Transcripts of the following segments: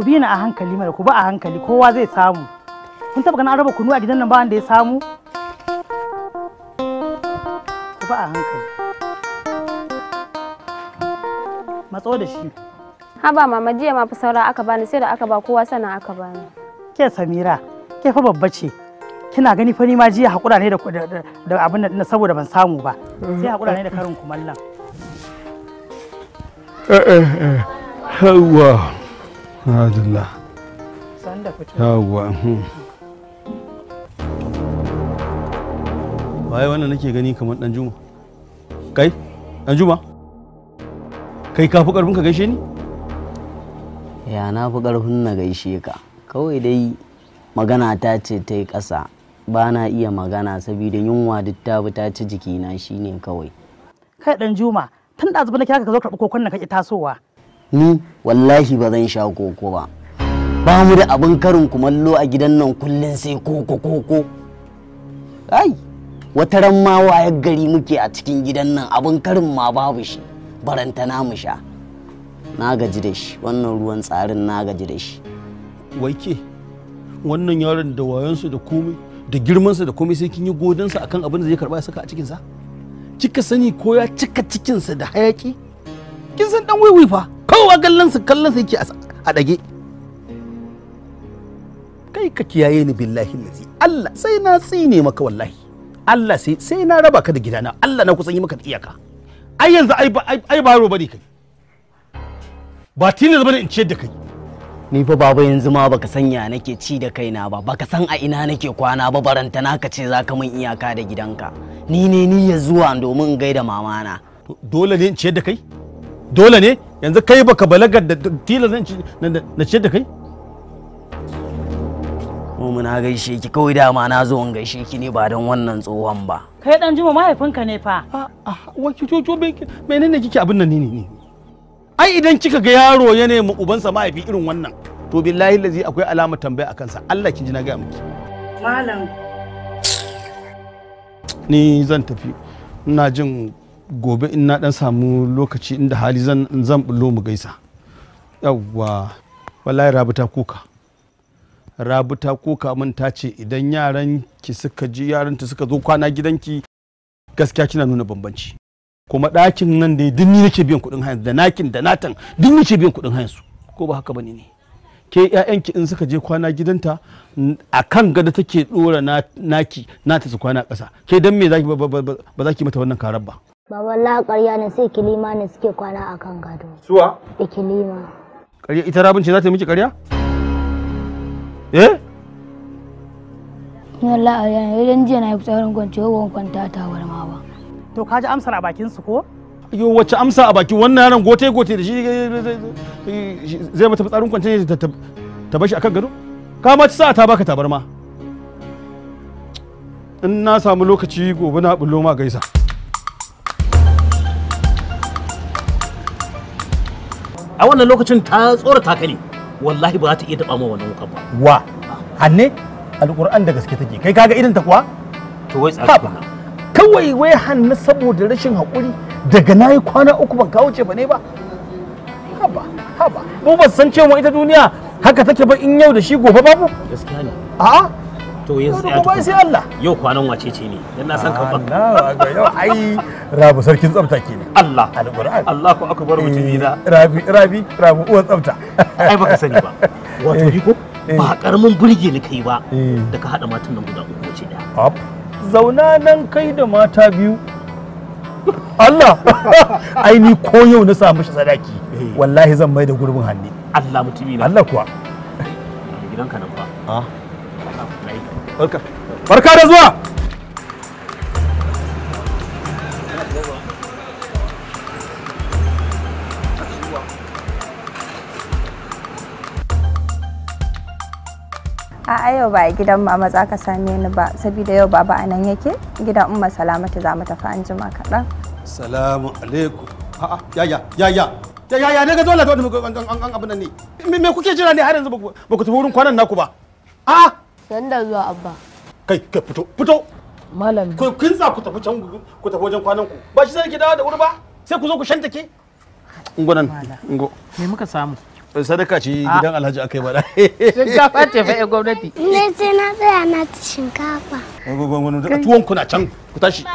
ku bi ni a hankali mana ku ba a hankali kowa zai samu kun taba ganin an raba kunu a gidan nan ba wanda ya samu ku ba a hankali matso da shi haba mama jiya ma fa saura aka bani sai da aka ba kowa sana aka bani ke samira ke fa babba ce kina gani fa ni ma jiya hakura ne da da abin nan saboda ban samu ba sai hakura ne da karin kumallon eh eh, eh. hawa Alhamdulillah. San Yawwa. Hmm. Waye wannan nake gani kamar ɗan Juma? Kai? Ɗan Juma? Kai ka fi karfin ka gaishe ni? Ya na fi karfin na gaishe ka. Kawai dai magana ta ce ta yi ƙasa. Ba na iya magana saboda yunwa duk ta bi ta ci jikina shine kawai. Kai ɗan Juma, tun da zuba na kira ka zo karɓi kokon na kake tasowa. ni wallahi ba zan sha koko ba ba mu da abin karin kumallo a gidan nan kullum sai koko koko ai wata ran ma wayar gari muke a cikin gidan nan abin karin ma babu shi barantana mu sha na gaji da shi wannan ruwan tsarin na gaji da shi ke wannan yaron da wayonsa da komai da girmansa da komai sai kin yi godansa akan abin da zai karba ya saka a cikinsa kika sani ko ya cika cikinsa da hayaki kin san dan waiwai fa kowa kallon su kallon su yake a dage kai ka kiyaye ni billahi lazi Allah sai na tsine maka wallahi Allah sai sai na raba ka da gidana Allah na kusan yi maka iyaka ai yanzu ai ai ba bane kai ba tilas bane in ciyar da kai ni fa baba yanzu ma baka sanya nake ci da kaina ba baka san a ina nake kwana ba baranta naka ce zaka min iyaka da gidanka ni ne ni ya zuwa domin in gaida mamana dole ne in ciyar da kai dole ne yanzu kai baka balagar da tilas na ciyar da kai mu na gaishe ki kawai dama na zo in gaishe ki ne ba don wannan tsohon ba kai dan jima mahaifinka ne fa a wa ki to menene kike abin nan ne ne ai idan kika ga yaro ya nemi ubansa mahaifi irin wannan to billahi lazi akwai alama tambaya a kansa Allah ki ji na ga miki malam ni zan tafi ina jin gobe in na dan samu lokaci inda hali zan bullo mu gaisa yawwa wallahi rabu ta kuka rabu ta kuka mun ta ce idan yaran ki suka ji yaran ta suka zo kwana gidanki gaskiya kina nuna bambanci kuma ɗakin nan da duk ni nake biyan kuɗin hayan da nakin da natan duk nake biyan kuɗin hayan su ko ba haka bane ne ke ƴaƴanki in suka je kwana gidanta a kan gada take ɗora naki nata su kwana ƙasa ke dan me zaki ba za ki mata wannan karar ba Baba la ƙarya ne sai kilima ne suke kwana a kan gado. Suwa? Ikilima. Ƙarya ita rabin ce za ta yi miki ƙarya? Eh? Ni wallahi ƙarya idan jiya na yi tsarin kwanciyo ban kwanta ta wani ma ba. To ka ji amsar a bakin su ko? Yo wacce amsa a baki wannan yaron gote gote da eh, eh, eh, shi zai mata tsarin kwanciyo ta bashi akan gado? Ka ma ci sa'a ta baka tabarma. in na samu lokaci gobe na bullo ma gaisa. a wannan lokacin ta tsora ta ne wallahi ba za ta iya taba ma wannan wukan ba wa hanne alquran da gaske take kai kaga idan ta kuwa to wai tsaka kawai wai hanne saboda rashin hakuri daga nayi kwana uku ban kawo ce ba ne ba haba haba mu ba san cewa ita duniya haka take ba in yau da shi gobe babu gaskiya ne a'a to yanzu ya kuma sai Allah yau kwanan wace ce ne dan na san kan Allah ga yau ai rabu sarkin tsafta ne Allah alquran Allahu akbar mutumi na eh, rabi rabi rabu uwan tsafta ai baka sani ba wato ko eh, eh. ba karamin burge ni kai ba da ka hada matan nan guda uku da daya zauna nan kai da mata biyu Allah ai ni ko yau na samu shi sadaki wallahi zan mai da gurbin hannu Allah mutumi na Allah kuwa gidanka nan ba a ah. barka barka da zuwa a yau ba a gidan mama za ka same ni ba saboda yau baba a nan yake gidan umma salamatu za mu tafi an jima kaɗan salamu alaikum a'a yaya yaya yaya ne ga zo la da wani an abin nan ne me kuke jira ne har yanzu ba ku tafi wurin kwanan naku ba a'a san da zuwa abba kai kai fito fito malami ku kin sa ku tafi can ku tafi wajen kwanan ku ba shi sai ki dawo da wuri ba sai ku zo ku shantake ungo nan ungo me muka samu eh, sadaka ce ah. gidan alhaji aka yi bada shinkafa ce fa gwamnati ne sai na tsaya na ta shinkafa eh, tuwon kuna can ku tashi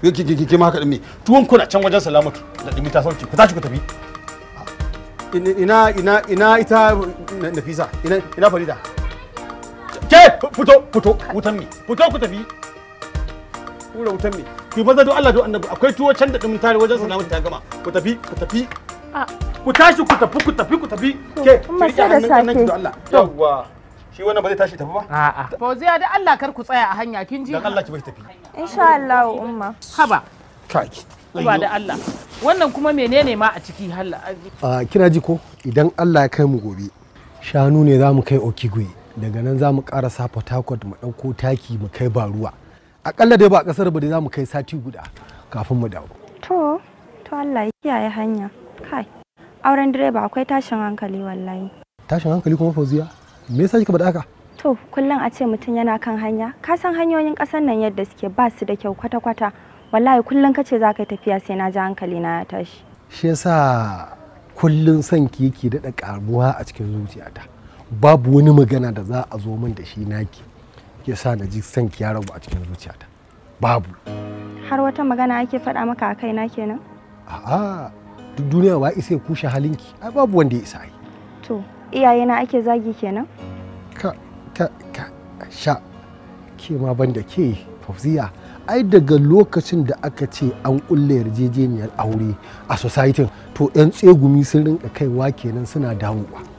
ki ma haka dimi tuwon kuna can wajen salamatu da dimi ta sauki ku tashi ku tafi ina ina ina ita nafisa ina ina farida fito fito wutan mi fito ku tafi kura wutan mi ku maza don Allah don annabi akwai tuwo can da dimin tare wajen sana'ar ta gama ku tafi ku tafi ku tashi ku tafi ku tafi ku tafi ke rike hannun ki don Allah yawwa shi wannan ba zai tashi tafi ba a'a fauziya da Allah kar ku tsaya a hanya kin ji dan Allah ki bai tafi insha Allah umma haba kaki ba da Allah wannan kuma menene ma a ciki halla kina ji ko idan Allah ya kai mu gobe shanu ne za mu kai okigui daga nan za mu karasa port harcourt mu ɗauko taki mu kai ba ruwa akalla dai ba a ƙasar ba za mu kai sati guda kafin mu dawo to to allah ya kiyaye hanya kai auren direba akwai tashin hankali wallahi tashin hankali kuma fauziya me yasa kika faɗa haka to kullum a ce mutum yana kan hanya ka san hanyoyin ƙasar nan yadda suke ba su da kyau kwata-kwata wallahi kullum kace za ka yi tafiya sai na ji hankali na ya tashi shi yasa kullum son ki yake daɗa ƙaruwa a cikin zuciyata babu wani magana da za a zo min da shi naki ya sa na ji son ki ya rabu a cikin zuciyata babu har wata magana ake faɗa maka a kaina kenan a'a duk duniya ba isa ya kushe halinki ai babu wanda ya isa yi to iyaye na ake zagi kenan ka ka ka sha ke ma banda ke fafziya ai daga lokacin da aka ce an kulle yarjejeniyar aure a society to 'yan tsegumi sun rinka kaiwa kenan suna dawowa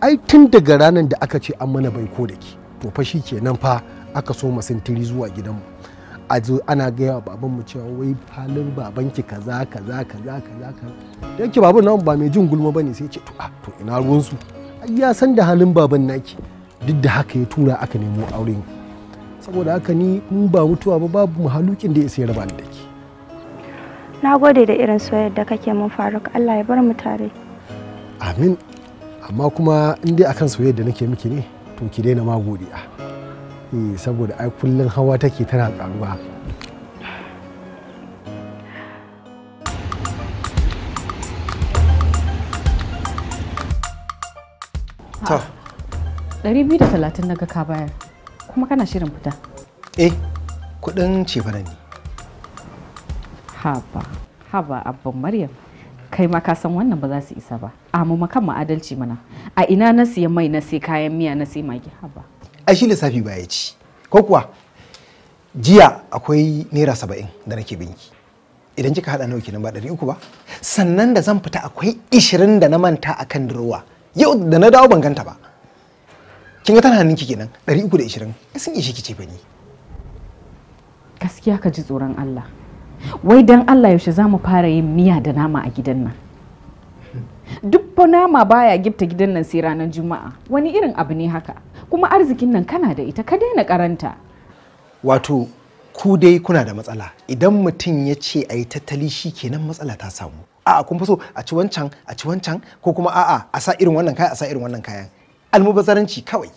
ai tun daga ranar da aka ce an mana baiko da ke to fa shi kenan fa aka so mu sintiri zuwa gidanmu a zo ana gaya wa baban mu cewa wai halin babanki kaza kaza kaza kaza kaza ki baban nan ba mai jin gulma bane sai ce to ah, a to ina ruwan su ai ya san da halin baban naki duk da haka ya tura aka nemo auren saboda haka ni in ba mutuwa ba babu halukin da ya sayar ba ni da ke na gode da irin soyayyar da kake mun faruk Allah ya bar mu tare amin amma kuma in dai akan soyayya da nake miki ne to ki daina ma godiya eh saboda ai kullun hawa take tana karuwa ta 230 na ka bayar kuma kana shirin fita eh kudin ce ne haba haba abban maryam kai ma ka san wannan ba za su isa ba a mu makan mu adalci mana a ina na siya mai na sai kayan miya na sai magi haba ai shi lissafi ba ya ci ko kuwa jiya akwai naira saba'in da nake binki idan kika hada nawa kenan ba ɗari uku ba sannan da zan fita akwai ishirin da na manta a kan durowa yau da na dawo ban ganta ba kin ga tana hannunki kenan ɗari uku da ishirin sun ishi ki ce ba ni gaskiya ka ji tsoron Allah wai dan Allah yaushe za mu fara yin miya da nama a gidan nan duk nama baya gifta gidan nan sai ranar juma'a wani irin abu ne haka kuma arzikin nan kana da ita ka daina karanta wato ku dai kuna da matsala idan mutum ya ce a yi tattali shi kenan matsala ta samu a'a kun so a ci wancan a ci wancan ko kuma a'a a sa irin wannan kayan a sa irin wannan kayan almubazaranci kawai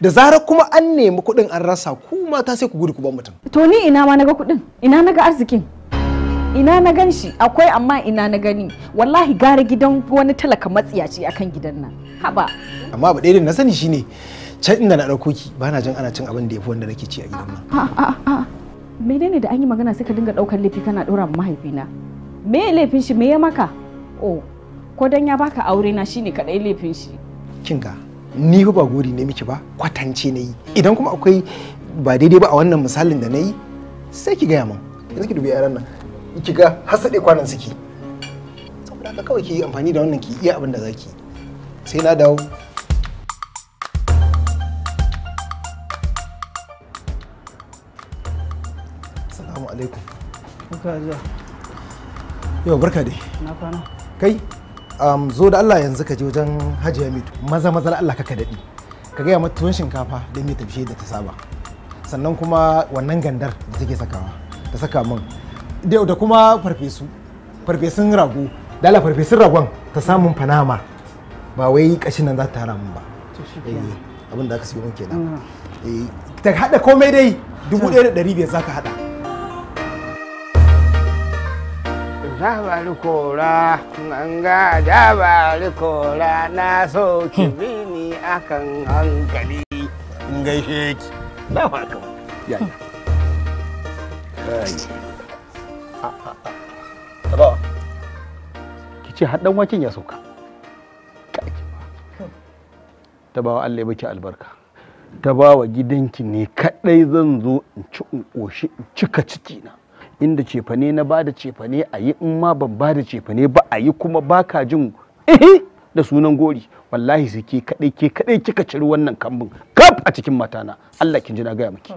da zarar kuma an nemi kuɗin an rasa ku mata sai ku gudu ku ban mutum to ni ina ma naga kuɗin ina naga arzikin ina na gan shi akwai amma ina na gani wallahi gara gidan wani talaka matsiyaci akan gidan nan haba amma ba ɗaya na sani shine can inda na ɗauko ki ba na jin ana cin abin da ya fi wanda nake ci a gidan nan menene da an yi magana sai ka dinga ɗaukar laifi kana ɗora ma mahaifina me laifin shi me ya maka oh ko dan ya baka aure na shine kaɗai laifin shi kinga ni ba gori ne miki ba kwatance na yi idan kuma akwai ba daidai ba a wannan misalin da na yi sai ki gaya min yanzu ki dubi yaran nan ki ga hasaɗe kwanan suke saboda haka kawai ki yi amfani da wannan ki iya abin da zaki sai na dawo assalamu alaikum yau barka dai na kwana kai um, zo da Allah yanzu ka je wajen hajiya mitu maza maza Allah ka daɗi ka gaya mata tuwon shinkafa da mai tafi da ta saba sannan kuma wannan gandar da take sakawa ta saka min da kuma farfesu farfesun rago da farfesun ragon ta samun panama ba wai kashin nan za ta tara mun ba eh, abin da aka siyo mun kenan mm. eh, ta hada komai dai dubu ɗaya da ɗari biyar za ka hada dabari kora ganga dabari kora na so ki bi hmm. ni akan hankali in gaishe ki na fato ya ya ki ce haɗan wakin ya sauka ta bawa Allah ya baki albarka ta bawa gidanki ne kaɗai zan zo in ci in ƙoshi in cika cikina inda cefane na ba da cefane a yi in ma ban bada cefane ba a yi kuma baka jin ihi da sunan gori wallahi su ke kaɗai ke kaɗai kika ciri wannan kambun kaf a cikin matana Allah kin ji na gaya miki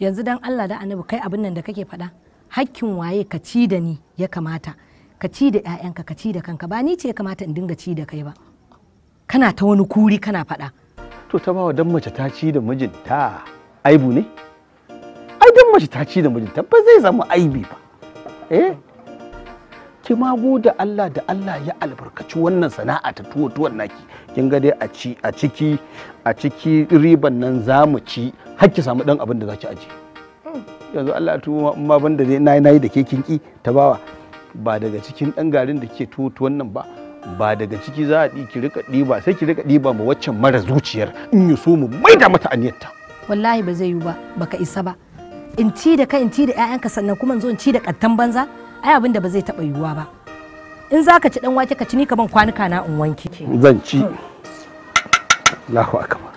yanzu dan Allah da annabi kai abin nan da kake faɗa hakkin waye ka ci da ni ya kamata ka ci da ƴaƴanka ka ci da kanka ba ni ce ya kamata in dinga ci da kai ba kana ta wani kuri kana faɗa to ta ba wa dan mace ta ci da mijinta aibu ne ai dan mace ta ci da mijinta ba zai zama aibi ba eh ki ma gode Allah da Allah ya albarkaci wannan sana'a ta tuwo tuwon naki kin ga dai a ci a ciki a ciki riban nan za mu ci har ki samu dan abin da zaki aje yanzu Allah tuwo ma banda da nayi nayi da ke kinki ta bawa ba daga cikin dan garin da ke tuwo tuwon nan ba ba daga ciki za a ki rika ɗiba sai ki rika ɗiba ma waccan mara zuciyar in yi so mu maida mata aniyarta wallahi ba zai yi ba baka isa ba in ci da kai in ci da 'ya'yanka sannan kuma in zo in ci da kattan banza ai abin da ba zai taɓa yiwuwa ba in za ka ci dan wake ka ci ni ka ban kwanuka na in wanke zan ci Allahu akbar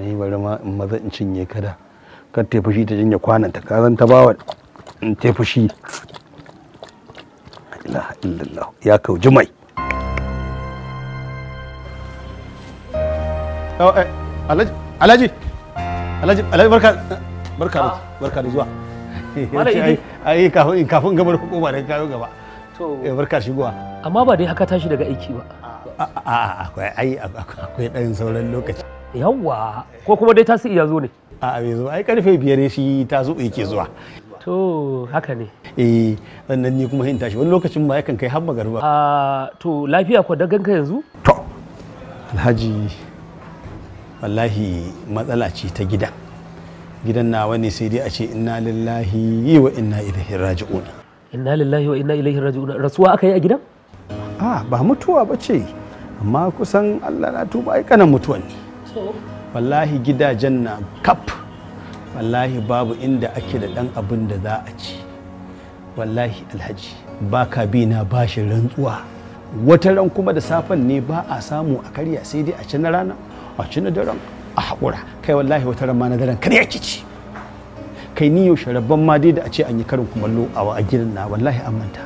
ai bari ma in maza in cinye kada kar ta fushi ta jinya kwanan ta ka zan ta bawa in ta fushi ilaha illallah ya kauji mai eh, eh, alhaji alhaji alhaji barka barka da ah. barka da zuwa ai kafin kafin gaba da hukuma da kayo gaba to eh, barka shigowa amma ba dai haka tashi daga aiki ba a'a akwai ai akwai dan sauran lokaci yawwa ko kuma dai tasi iya zo ne a'a bai zo ai karfe biyar shi ta tasu yake zuwa to haka ne eh sannan ni kuma in tashi wani lokacin ma yakan kai har magarba a ah, to lafiya ko daganka yanzu to alhaji wallahi matsala ce ta gida gidan nawa ne sai dai a ce inna lillahi wa inna ilaihi raji'un inna lillahi wa inna ilaihi raji'un rasuwa aka yi a gidan a ba mutuwa ba ce amma kusan Allah na tuba ai na mutuwa ne wallahi gidajen na kaf. wallahi babu inda ake da dan abin da za a ci wallahi alhaji ba ka bi na bashi rantsuwa wata ran kuma da safan ne ba a samu a karya sai dai a can na rana a ci na daren a haƙura kai wallahi wata ran ma na daren kada yake ci kai ni yaushe rabban ma dai da a ce an yi karin kumallo a wa gidan na wallahi an manta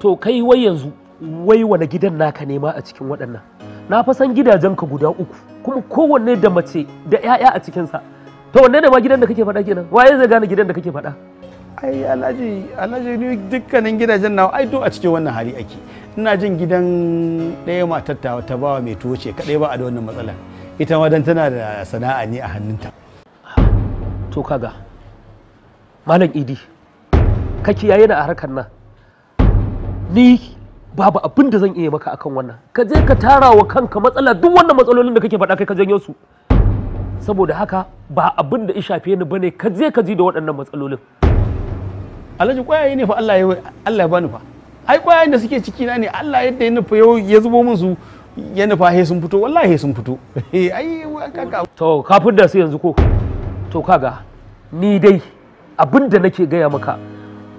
to kai wai yanzu wai wani gidan naka nema a cikin waɗannan na fa san gidajen ka guda uku kuma kowanne da mace da 'ya'ya a cikinsa to wanne ne ma gidan da kake faɗa kenan waye zai gane gidan da kake faɗa ai alhaji alhaji ni dukkanin gidajen nawa ai to a cikin wannan hali ake ina jin gidan ɗaya matar ta ta bawa mai tuwo ce kaɗai ba a da wannan matsalar ita ma dan tana da sana'a ne a hannunta to kaga malam idi ka yayi da a harkar nan ni babu abin da zan iya maka akan wannan ka je ka tara wa kanka matsala duk wannan matsalolin da kake faɗa kai ka janyo su saboda haka ba abin da ya shafe ni bane ka je ka ji da waɗannan matsalolin alhaji kwayaye ne fa Allah ya Allah ya bani fa ai kwayoyin da suke ciki na ne Allah yadda ya nufa yau ya zubo min ya nufa he sun fito wallahi he sun fito eh, to kafin da su yanzu ko to kaga ni dai abin da nake gaya maka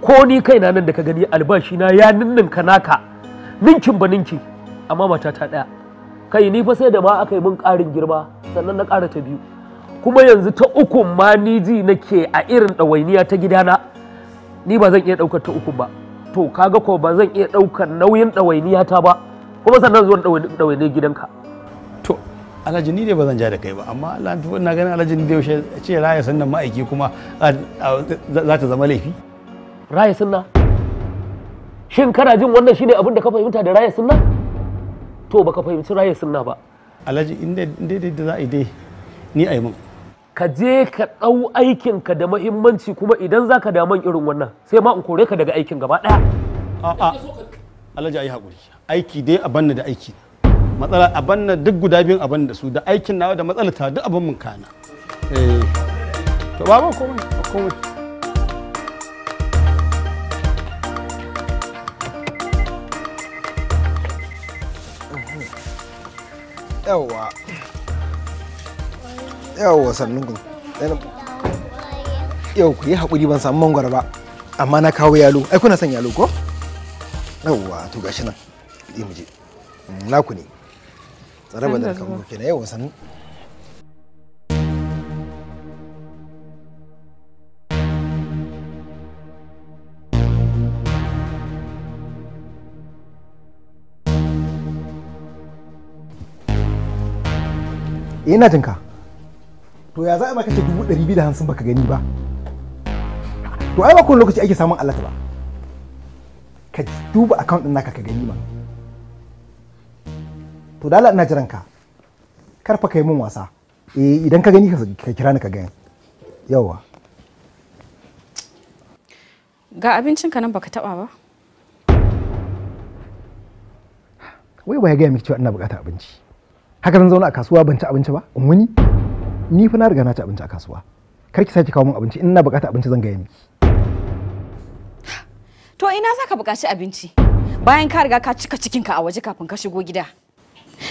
ko ni kai na nan da ka gani albashi na ya ninninka naka ninkin ba ninki amma mata ta daya kai ni fa sai da ma aka yi min karin girma sannan na kara ta biyu kuma yanzu ta uku ma ni ji nake a irin ɗawainiya ta gidana ni ba zan iya ɗaukar ta uku ba to kaga ko ba zan iya ɗaukar nauyin ɗawainiya ta ba kuma sannan zuwan ɗawainiyar gidanka to alhaji ni dai ba zan ja da kai ba amma Allah na ganin alhaji ni dai yaushe ce raya sannan ma'aiki kuma za ta zama laifi raya sunna shin kana jin wannan shine abin da ka fahimta da raya sunna to baka fahimci raya sunna ba alhaji inda da za a yi dai ni a yi mun ka je ka ɗau aikinka da mahimmanci kuma idan za ka daman irin wannan sai ma in kore ka daga aikin gaba ɗaya. A'a, a yi haƙuri, aiki dai a banna da aiki. Matsala a banna duk guda biyun a banna da su da aikin nawa da matsala ta duk abin mun kana. Eh. to ba ba komai. Yawwa. yau wasannin ku yau ku yi haƙuri ban samu mangwara ba amma na kawo yalo ai kuna son yalo ko yawa to gashi nan yi mu je mm, naku ne tsare ba da kawo kenan yawa sannun eh, ina jinka to ya za a maka ce dubu ɗari biyu da hamsin baka gani ba to ai ba kowane lokaci ake samun alata ba ka duba account ɗin naka ka gani ma to da ina jiran ka karfa kai mun wasa eh idan ka gani ka kira ni ka gani yawa ga abincin ka nan baka taba ba wai ba ya gaya miki cewa ina bukatar abinci haka zan zauna a kasuwa ban ci abinci ba in wani ni fa na riga na ci abinci a kasuwa kar ki sake kawo min abinci in na bukata abinci zan gaya miki to ina za ka bukaci abinci bayan ka riga ka cika cikinka a waje kafin ka shigo gida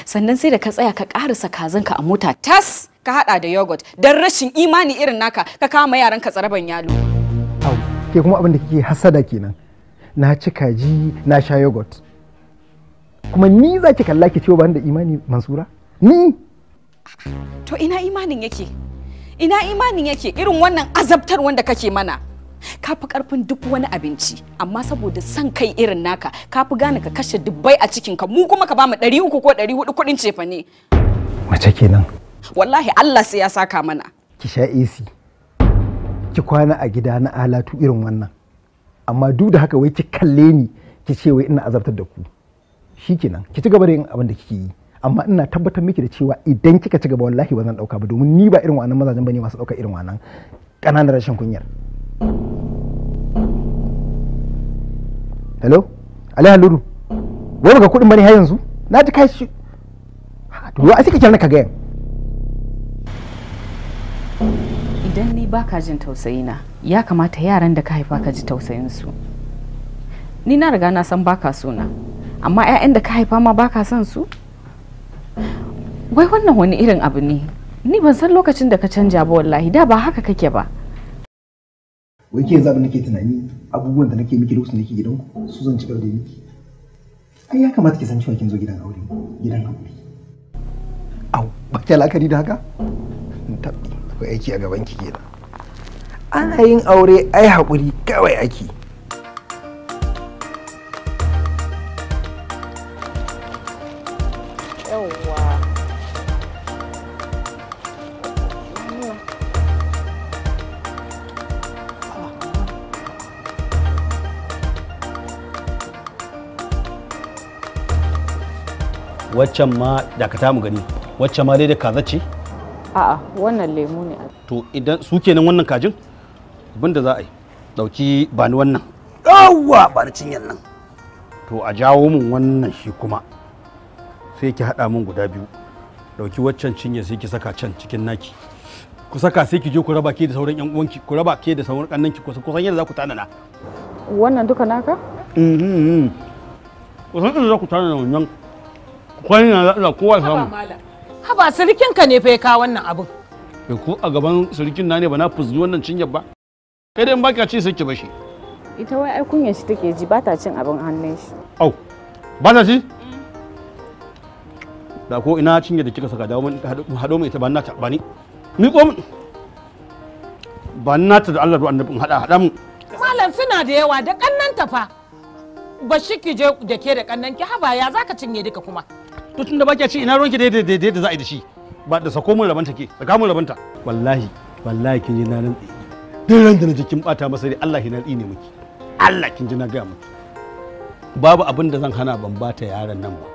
sannan sai da ka tsaya ka karasa kazan ka a mota tas ka hada da yogurt dan rashin imani irin naka ka kama yaran ka tsaraban yalo au ke kuma abin da kike hasada kenan na ci kaji na sha yogurt kuma ni za ki kalla ki ciwo ban da imani mansura ni To ina imanin yake? Ina imanin yake irin wannan azabtar wanda kake mana? Ka karfin duk wani abinci, amma saboda son kai irin naka, ka gane ka kashe dubbai a cikinka, mu kuma ka bamu ɗari uku ko ɗari hudu kuɗin cefa ne. Mace kenan. Wallahi Allah sai ya saka mana. Ki sha AC. Ki kwana a gida na alatu irin wannan. Amma duk da haka wai ki kalle ni ki ce wai ina azabtar da ku. Shikenan, ki ci gaba da yin abin da kike yi. amma ina tabbatar miki da cewa idan kika ci gaba wallahi ba zan dauka ba domin ni ba irin wannan mazajen bane masu dauka irin wannan kananan rashin kunyar hello ali haluru wani ga kudin bane har yanzu na ji kai shi to ai sai ka ka ga idan ni baka jin tausayina ya kamata yaran da ka haifa ka ji tausayinsu ni na riga na san baka suna amma 'ya'yan da ka haifa ma baka son su wai wannan wani irin abu ne ni ban san lokacin da ka canja ba wallahi da ba haka kake ba wai ke yanzu nake tunani abubuwan da nake miki lokacin da nake gidanku su zan ci gaba da miki ai ya kamata ki san cewa kin zo gidan aure gidan aure au ba ki la'akari da haka tabbi akwai aiki a gaban ki kenan ana yin aure ai haƙuri kawai ake waccan ma dakata mu gani waccan ma dai da kaza ce a'a wannan lemu ne to idan su kenan wannan kajin abinda za a yi dauki ba ni wannan yawwa ba ni cinyan nan to a jawo min wannan shi kuma sai ki haɗa min guda biyu dauki waccan cinye sai ki saka can cikin naki ku saka sai ki je ku raba ke da sauran yan uwanki ku raba ke da sauran kannanki ku san yadda za ku tanana wannan duka naka? Mm-hmm, mm-hmm. kusan yadda za ku tanana wannan kwani na da kowa ya samu haba sirikin ka ne fa ya kawo wannan abin to eh, ko a gaban sirikin na ne ba na fuzgi wannan cinyar ba kai dai baka ci sai ki bashi ita wai ai kunyar shi take ji ba ta cin abin hannun shi au ba ta ci da ko ina cinyar da kika saka dawo mun hado mai ita ba na ta ba ni ni ko ba na ta da Allah ruwan annabin hada hada mu malam suna da yawa da kannan fa ba shi ki je da ke da kannan ki haba ya zaka cinye duka kuma to tunda ba kya ce ina ruwanki daidai daidai da za a yi da shi ba da sako mun rabanta ke saka mun rabanta wallahi wallahi kin ji na nan duk ran da na kin bata masa dai Allah na ne miki Allah kin ji na ga miki babu abin da zan hana ban bata yaran nan ba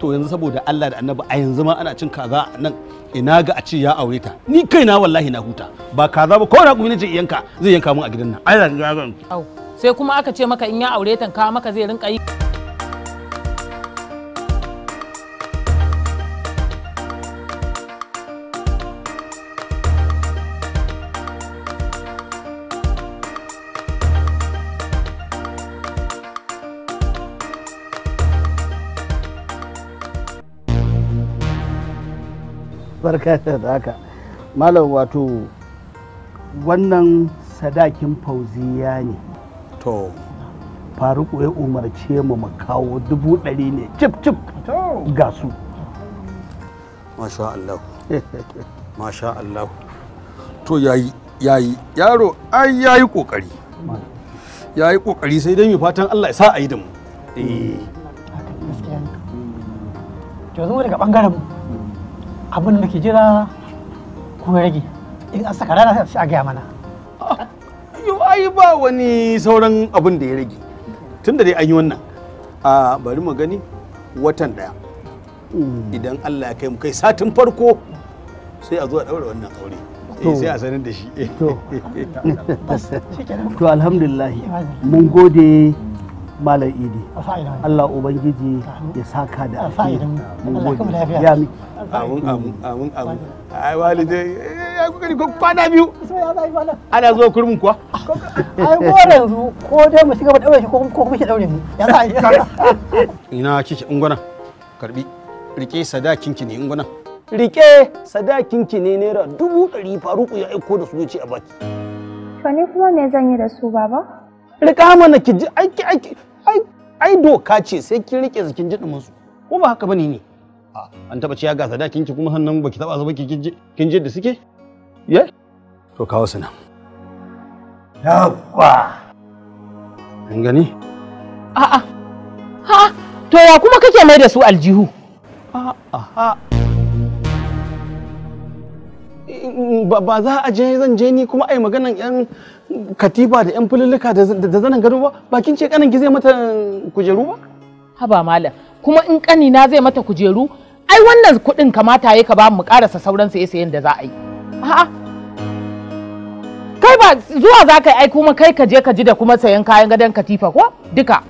to yanzu saboda Allah da annabi a yanzu ma ana cin kaza nan ina ga a ce ya aure ta ni kaina wallahi na huta ba kaza ba ko na kuma nace yanka zai yanka mun a gidan nan ai ga sai kuma aka ce maka in ya aure ta ka maka zai rinka yi barka da haka malam wato wannan sadakin fauziya ne to faruku ya umarce mu mu kawo dubu ɗari ne cip cip ga su masha Allah masha Allah to yayi yayi yaro ai yayi kokari yayi kokari sai dai mai fatan Allah ya sa a yi da mu eh to mu daga bangaren mu abin da ke jira ku rage in an saka rana sai a gaya mana yo ai ba wani sauran abin da ya rage tun da dai an yi wannan a bari mu gani watan daya idan Allah ya kai mu kai satin farko sai a zo a daura wannan aure eh, sai a sanar da shi to alhamdulillah mun gode malam idi Allah ubangiji ya saka da alheri ya mi amin amin amin amin ai walide eh, ya kuka ko kwana biyu ana zuwa kurmin kuwa ai ko yanzu ko dai mu shiga mu daure shi ko kuma shi daure mu ya sa ina kike ungwana karbi rike sadakin ki ne ungwana rike sadakin ki ne naira dubu ɗari faruku ya aiko da su ya ce a baki to ni kuma me zan yi da su baba rika mana ki ji aiki aiki ai doka ce sai kin rike zikin jin ji dumin su ko ba haka bane ne an taba ciya ga sadakin ki kuma hannan baki taba zuba ki ji kin da suke ye to kawo su nan kwa. an gani a'a ha to ya kuma kake mai da su aljihu a'a ba za a je zan je ni kuma ai maganan yan katifa da yan fululuka da zanen gado ba bakin ce kanin ki zai mata kujeru ba haba malam kuma in kani na zai mata kujeru ai wannan kuɗin kamata ya ka ba mu karasa sauran sai sai da za a yi a'a kai ba zuwa za ka yi ai kuma kai ka je ka ji da kuma sayan kayan gadon katifa ko duka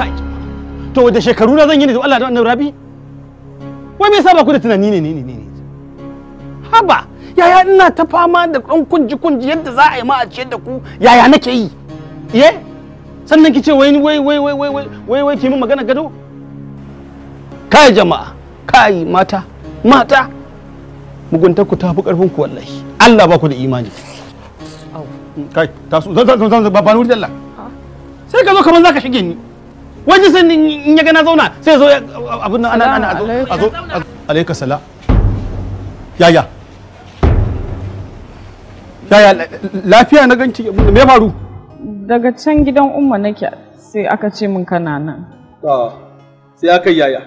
kai to da shekaru na zan yi ne da Allah da annabi rabi wai me yasa ba ku da tunani ne ne ne ne haba yaya ina ta fama da ɗan kunji kunji yadda za a yi ma a ciyar da ku yaya nake yi ye sannan ki ce wai wai wai wai wai wai wai ki min magana gado kai jama'a kai mata mata mugunta ku tafi karfin ku wallahi Allah ba ku da imani kai tasu zan zan zan ba nuri Allah sai ka zo kaman zaka shige ni waje sai in ya ga na zauna sai zo abin nan ana ana a zo alaikum salam yaya yaya lafiya na ganci, me faru daga can gidan umma nake sai aka ce min kana nan sai aka yaya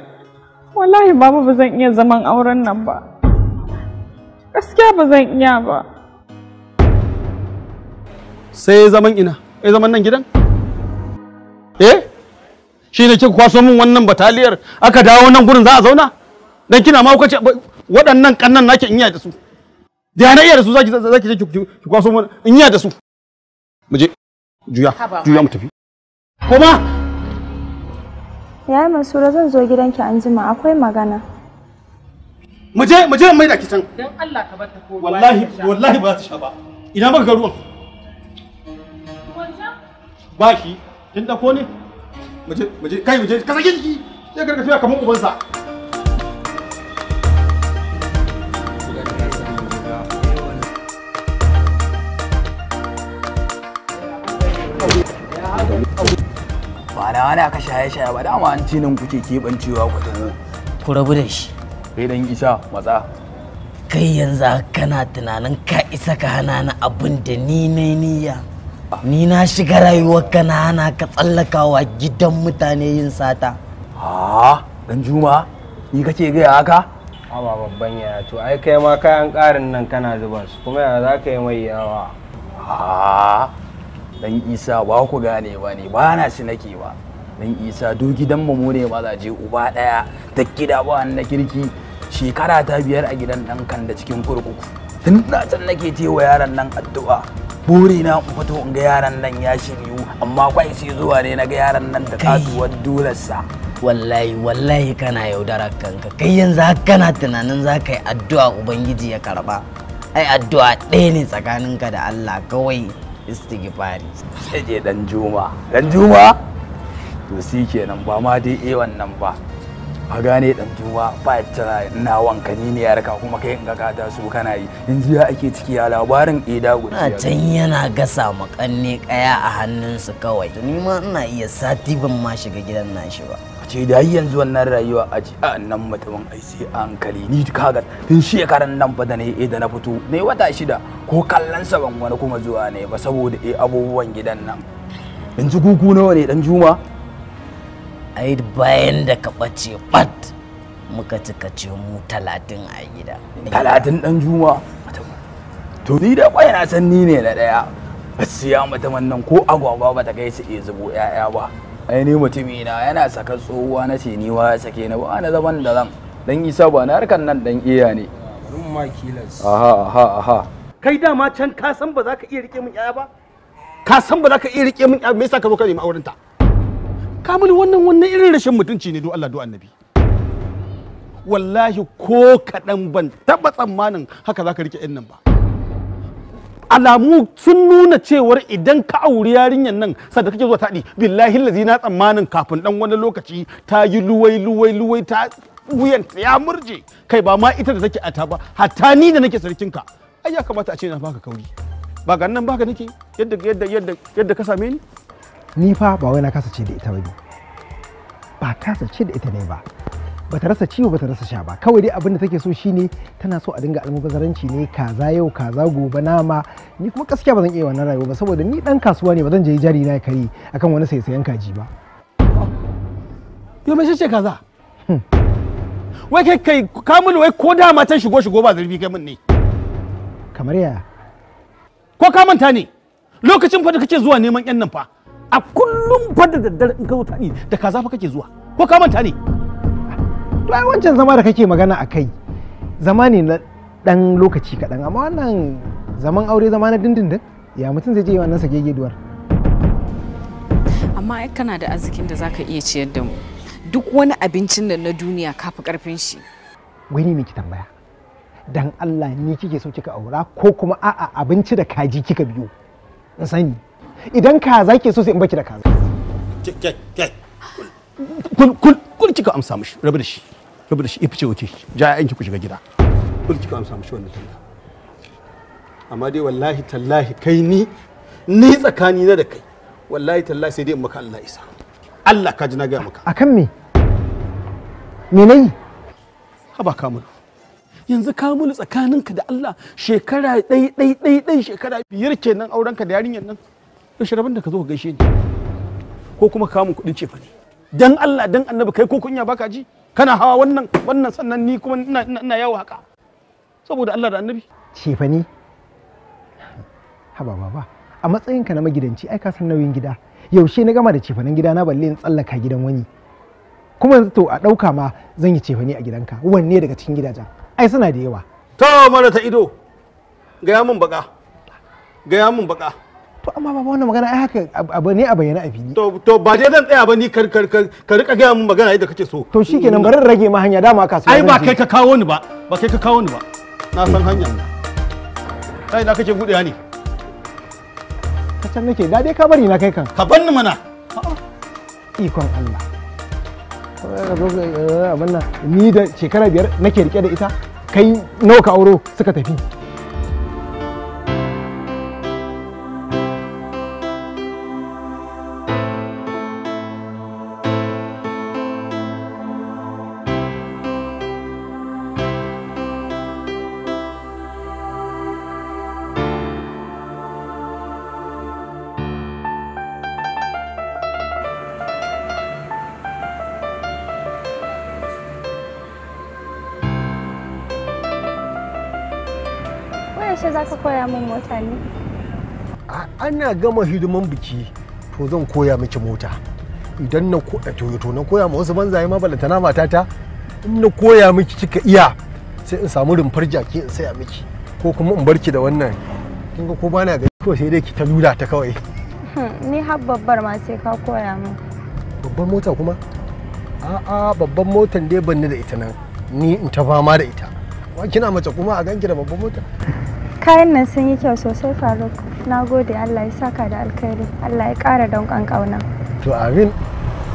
wallahi baba ba zan iya zaman auren nan ba gaskiya ba zan iya ba sai zaman ina ai zaman nan gidan eh shi ne kika kwaso min wannan bataliyar aka dawo nan gurin za a zauna dan kina ma kuka ce waɗannan kannan nake in iya da su da na iya da su zaki zaki je ki kwaso mu in iya da su mu je juya juya mu tafi koma yayi masura zan zo gidanki an jima akwai magana mu je mu je mai da ki dan Allah ka bar ta ko wallahi wallahi ba za ta sha ba ina baka ruwan ba shi tun da ko ne mu je mu je kai mu je ka sake ki sai gargafiya kamar ubansa ma'ana wani aka shaye-shaye ba dama an ce nan kuke keɓancewa ku taho ku rabu da shi kai dan isa matsa kai yanzu kana tunanin ka isa ka hana ni abin da ni na niyya ni na shiga rayuwar ka na hana ka tsallakawa gidan mutane yin sata ha dan juma ni kake gaya haka amma babban yaya to ai kai ma kayan karin nan kana zuba su kuma ya za ka yi mai yawa ha dan isa ba ku gane ba ne ba na shi nake ba dan isa duk gidan mu mu ne je uba daya ta gida ba na kirki shekara ta biyar a gidan dan kan da cikin kurkuku tun da can nake ce wa yaran nan addu'a buri na in fito in ga yaran nan ya shiryu amma kwai sai zuwa ne na ga yaran nan da kasuwar dularsa wallahi wallahi kana yaudara kanka kai yanzu kana tunanin za ka yi addu'a ubangiji ya karba ai addu'a ɗaya ne tsakaninka da allah kawai istighfari sai je dan juma dan juma to shi kenan ba ma dai eh wannan ba a gane dan juma ba tara na wanka ni ne ya raka kuma kai in ga ka ta su kana yi in ji ake ciki ya labarin eh ida guda a can yana gasa makanne kaya a hannunsu kawai to ni ma ina iya sati ban ma shiga gidan nashi ba ce da yanzu wannan rayuwa a ci a nan mutumin ai sai a hankali ni kaga tun shekaran nan fa da ne eh da na fito ne wata shida ko kallon sa ban wani kuma zuwa ne ba saboda eh abubuwan gidan nan yanzu kuku nawa ne dan juma ai bayan da ka bace bat muka cika ce mu talatin a gida talatin dan juma to ni da kwai na san ni ne na daya gaskiya mutumin nan ko agwagwa ba ta kai su iya zubo 'ya'ya ba aini mutumina yana saka tsohuwa na ce ni ya sake na ba na zaman da zan dan isa ba na harkar nan dan iya ne aha aha aha kai dama can ka san ba za ka iya rike min yaya ba ka san ba za ka iya rike min yaya me yasa ka zo ka nemi auren ta ka mini wannan wannan irin rashin mutunci ne do Allah do annabi wallahi ko kaɗan ban taɓa tsammanin haka za ka rike yan nan ba alamu sun nuna cewar idan ka auri yarinyar nan sadda kake zuwa taɗi billahi lazi na tsammanin kafin dan wani lokaci ta yi luwai luwai luwai ta wuyan ya murje kai ba ma ita da take ta ba hatta ni da nake sarkin ka ai ya kamata a ce na baka kauri ba ga nan baka nake yadda yadda yadda yadda ka same ni ni fa ba wai na kasance da ita ba ba kasa da ita ne ba bata rasa ciwo bata rasa sha ba kawai dai abin da take so shine tana so a dinga almubazaranci ne kaza yau kaza gobe nama ni kuma gaskiya ba zan iya wannan rayuwa ba saboda ni dan kasuwa ne ba zan je jari na kare akan wani sai sayan kaji ba yo me shi kaza hmm. wai kai kai ka mun wai ko da matan shigo shigo ba zurfi kai mun ne kamar ya ko ka manta ne lokacin fa da kake zuwa neman yan nan fa a kullum fa da daddare in ka zo tani da kaza fa kake zuwa ko ka manta ne to ai wancan zama da kake magana a kai zama ne na ɗan lokaci kaɗan amma wannan zaman aure zama na dindindin ya mutum zai je yi wannan sagegeduwar amma ai kana da arzikin da zaka iya ciyar da mu duk wani abincin da na duniya kafi karfin shi wani ne ki tambaya dan Allah ni kike so kika aura ko kuma a'a abinci da kaji kika biyo in sani idan kaza ke so sai in baki da kaza kul kul kul kika amsa mishi rabu da shi saboda shi ifice wuce ja ya yanki ku shiga gida kun kika amsa mishi wannan talla amma dai wallahi tallahi kai ni ni tsakani na da kai wallahi tallahi sai dai in maka Allah isa Allah ka ji na ga maka akan me me nayi haba mu yanzu ka mulu tsakaninka da Allah shekara ɗai ɗai ɗai dai shekara biyar kenan aurenka da yarinyar nan yaushe rabin da ka zo ka gaishe ni ko kuma mu kudin cefa ne dan Allah dan annabi kai ko kunya baka ji kana hawa wannan wannan sannan ni kuma ina ina yawo haka saboda Allah da annabi ce fa ni haba baba a matsayinka na magidanci ai ka san nauyin gida yaushe na gama da cefanen gida na balle in tsallaka gidan wani kuma yanzu to a ɗauka ma zan yi cefani a gidanka wanne daga cikin gidajen ai suna da yawa to mara ta ido gaya mun baka gaya mun baka to amma ba wannan magana ai haka abu ne a bayyana a fili to ba je zan tsaya ba ni kar kar ka rika gaya mun magana yadda kake so to shikenan bari rage ma hanya dama ka so ai ba kai ka kawo ni ba ba kai ka kawo ni ba na san hanya kai na kake budewa ne ka can nake da dai ka bari na kai kan ka banni mana ikon Allah eh, ni da shekara biyar nake rike da ita kai nawa ka auro suka tafi ina gama hidiman biki to zan koya miki mota idan na koya eh, toyoto na koya ma wasu banzaye ma balantana matata in na koya miki kika iya sai in samu rumfar jaki in saya miki ko kuma in barki da wannan kinga ko bana ga ko sai dai ki ta lura ta kawai hmm, ni har babbar ma sai ka koya min babbar mota kuma a'a babban motan dai ban da ita nan ni in ta fama da ita kina mace kuma a ganki da babban mota kayan nan sun yi kyau sosai faruk na gode allah ya saka da alkhairi allah ya kara danƙon ƙauna to amin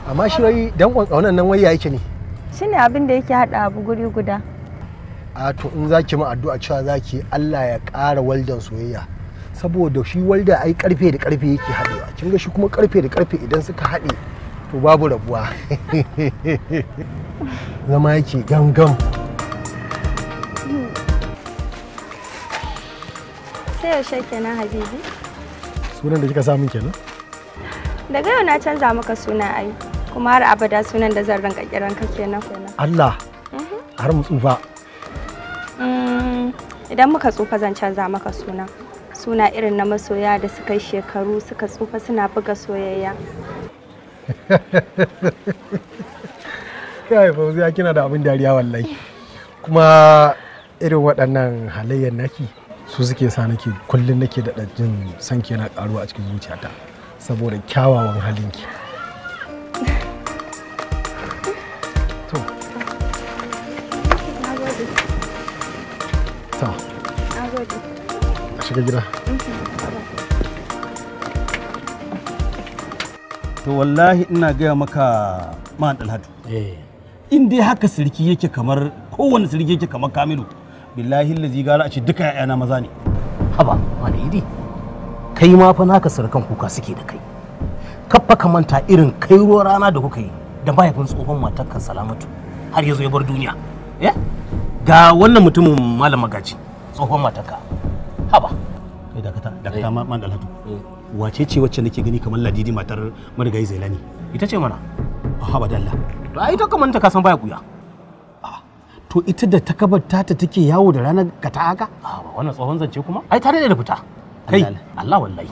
amma shi wai danƙon ƙaunan nan wai ya yake ne shine abin da yake haɗa abu guri guda a to in za ki addu addu'a cewa za ki allah ya kara waldan soyayya saboda shi walda ai karfe da karfe yake haɗewa kin ga shi kuma karfe da karfe idan suka haɗe to babu rabuwa zama yake gangan yaushe kenan Habibi? Sunan da kika samun kenan? Daga yau na canza maka suna ai, kuma har abada sunan da zan ranka kiran ka kenan kenan. Allah. Mhm. Har mu tsufa. Mm, idan muka tsufa zan canza maka suna. Suna irin na masoya da suka yi shekaru suka tsufa suna buga soyayya. Kai Fauziya kina da abin dariya wallahi. Kuma irin waɗannan halayyar naki. su suke sa nake kullum nake da jin san ke na karuwa a cikin zuciyata saboda kyawawan halinki to to wallahi ina gaya maka man dalhatu eh. in dai haka sirki yake kamar kowane sirki yake kamar kamilu billahi lazi gara a ce duka ya'yana maza ne haba wani idi kai ma fa naka sarkan kuka suke da kai kaffa ka manta irin kai ruwa rana da kuka yi da mahaifin tsohon matarkan salamatu har ya zo ya bar duniya eh? ga wannan mutumin malam magaji tsohon matarka haba kai dakata eh. dakata ma man dalhatu eh. wace ce wacce nake gani kamar ladidi matar marigayi zailani ita ce mana haba dalla to ai ta kamanta ka san baya kuya to ita da ta kabar tata take yawo da ranar ka ta haka ah, wannan tsohon zance kuma ai tare da fita kai Allah wallahi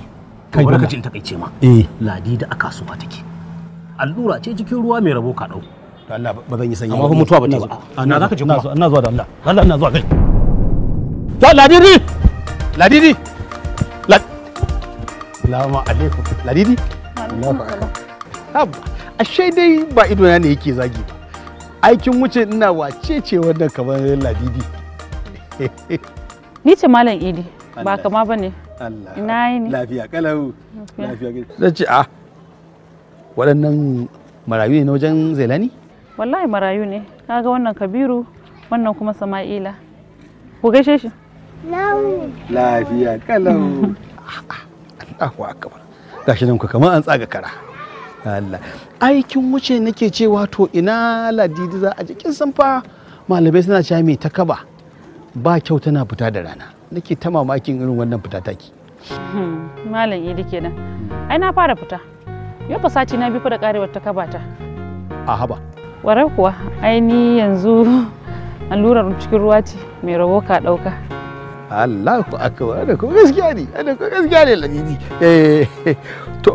kai wani kacin ce ma eh ladi da aka suwa take allura ce cikin ruwa mai rabo ka dau Allah ba zan yi sanya amma mutuwa ba ta zo ah, na zaka je kuma ina zuwa da Allah Allah ina zuwa kai ya ladidi ladidi Salamu alaikum ladidi Allahu akbar ashe dai ba idona ne yake zagi ba aikin wuce ina wace ce wannan kamar ladidi ni ce malam idi ba kama ba ne ina yi ne lafiya kalau lafiya zan ce a ah, waɗannan marayu ne na wajen zailani wallahi marayu ne kaga wannan kabiru wannan kuma sama'ila ku gaishe shi lafiya kalau Allahu akbar gashi nan ku kamar an tsaga kara Allah aikin wuce nake cewa to ina ladidi za a jikin san fa malamai suna cewa mai ta kaba ba kyau tana fita da rana nake ta mamakin irin wannan fita taki hmm, malam idi kenan ai na fara fita yau fa sati na bi fa da karewar ta kaba ta a haba warai kuwa ai ni yanzu allurar cikin ruwa ce mai rabo ka dauka ku akwai da ku gaskiya ne ana kuma gaskiya ne ladidi eh to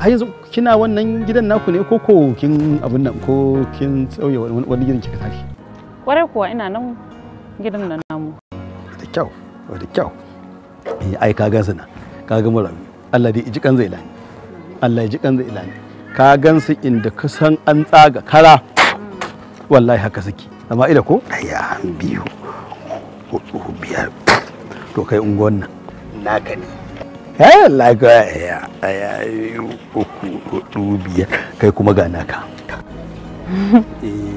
har yanzu kina wannan gidan naku ne ko ko kin abin nan ko kin tsauye wani gidan kika tashi kwarai kuwa ina nan gidan nan namu da kyau da kyau eh, ai ka gansu na ka ga mura Allah dai ji kan zai lani Allah ji kan zai lani ka gansu inda ka san an tsaga kara wallahi haka suke amma ida ko ayya biyu hudu biyar to kai unguwan nan naka ne kai eh, Allah ka uku hudu biyar kai kuma ga naka eh,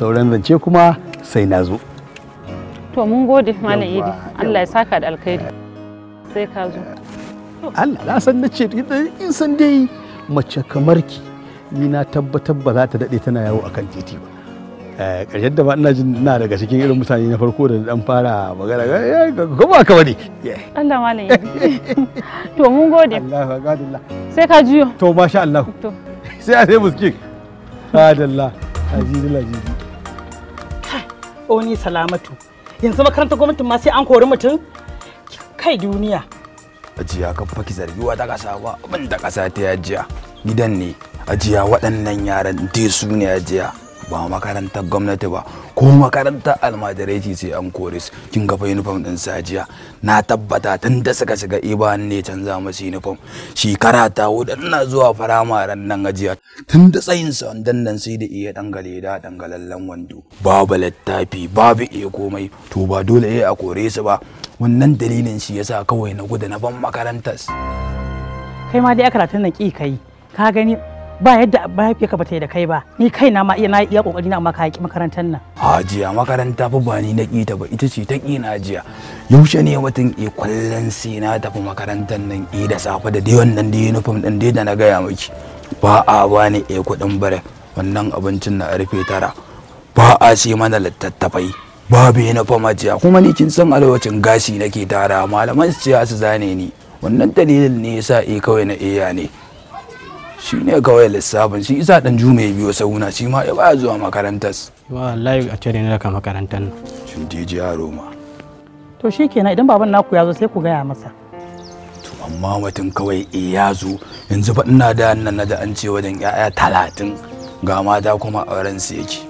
sauran zance kuma sai na zo to mun gode malam idi Allah ya saka da alkhairi sai ka zo Allah na san nace in san dai mace kamar ki ni na tabbatar ba za ta dade tana yawo akan titi ba ƙarshen eh, da ba ina jin na daga cikin irin mutane na farko da dan fara magana ko eh, ba ka bane Allah malam to mun gode Allahu akbar sai ka jiyo to masha Allah to sai a sai muskin adalla azizi lazizi oni salamatu yanzu makarantar gwamnatin ma sai an kori mutum kai duniya ajiya ka faki zargiwa ta kasa ba abin da kasa ta yajiya gidan ne ajiya waɗannan yaran dai su ne ajiya ba makarantar gwamnati ba ko makarantar almajirai sai an koris kin ga uniform din sajiya na tabbata tun da suka shiga iban ne canza masu uniform shekara ta hudu ina zuwa faramaren nan gajiya tun da tsayin sa dan nan sai da iya dangale da dangalallen wando babu littafi babu iya komai to ba dole ya eh a kore su ba wannan dalilin shi yasa kawai na gudu na ban makarantar kai ma dai aka karatun nan ki kai ka gani ba yadda mahaifiyarka ba ta yi da kai ba ni kai na ma iya na iya kokari na amma ka haƙi makarantar nan hajiya makaranta fa ba ni na ki ta ba ita ce ta ki na hajiya yaushe ne mutum e kwallon sai na tafi makarantar nan e da safe da dai wannan da uniform din dai da na gaya miki ba a bani e eh, kuɗin bare wannan abincin na rufe tara ba a sai mana littattafai ba na fa majiya kuma ni kin san alwacin gashi nake tara malaman su ce su zane ni wannan dalilin ne yasa e eh, kawai na iya ne shi ne kawai lissafin shi isa dan jume a sauna shi ma ya baya zuwa makarantar wallahi a cire ne daga makarantar shi dije a roma to shikenan idan baban naku ya zo sai ku gaya masa to amma mutum kawai e ya zo yanzu fa ina da nan na da an ce wajen yaya talatin ga mata kuma auren su yake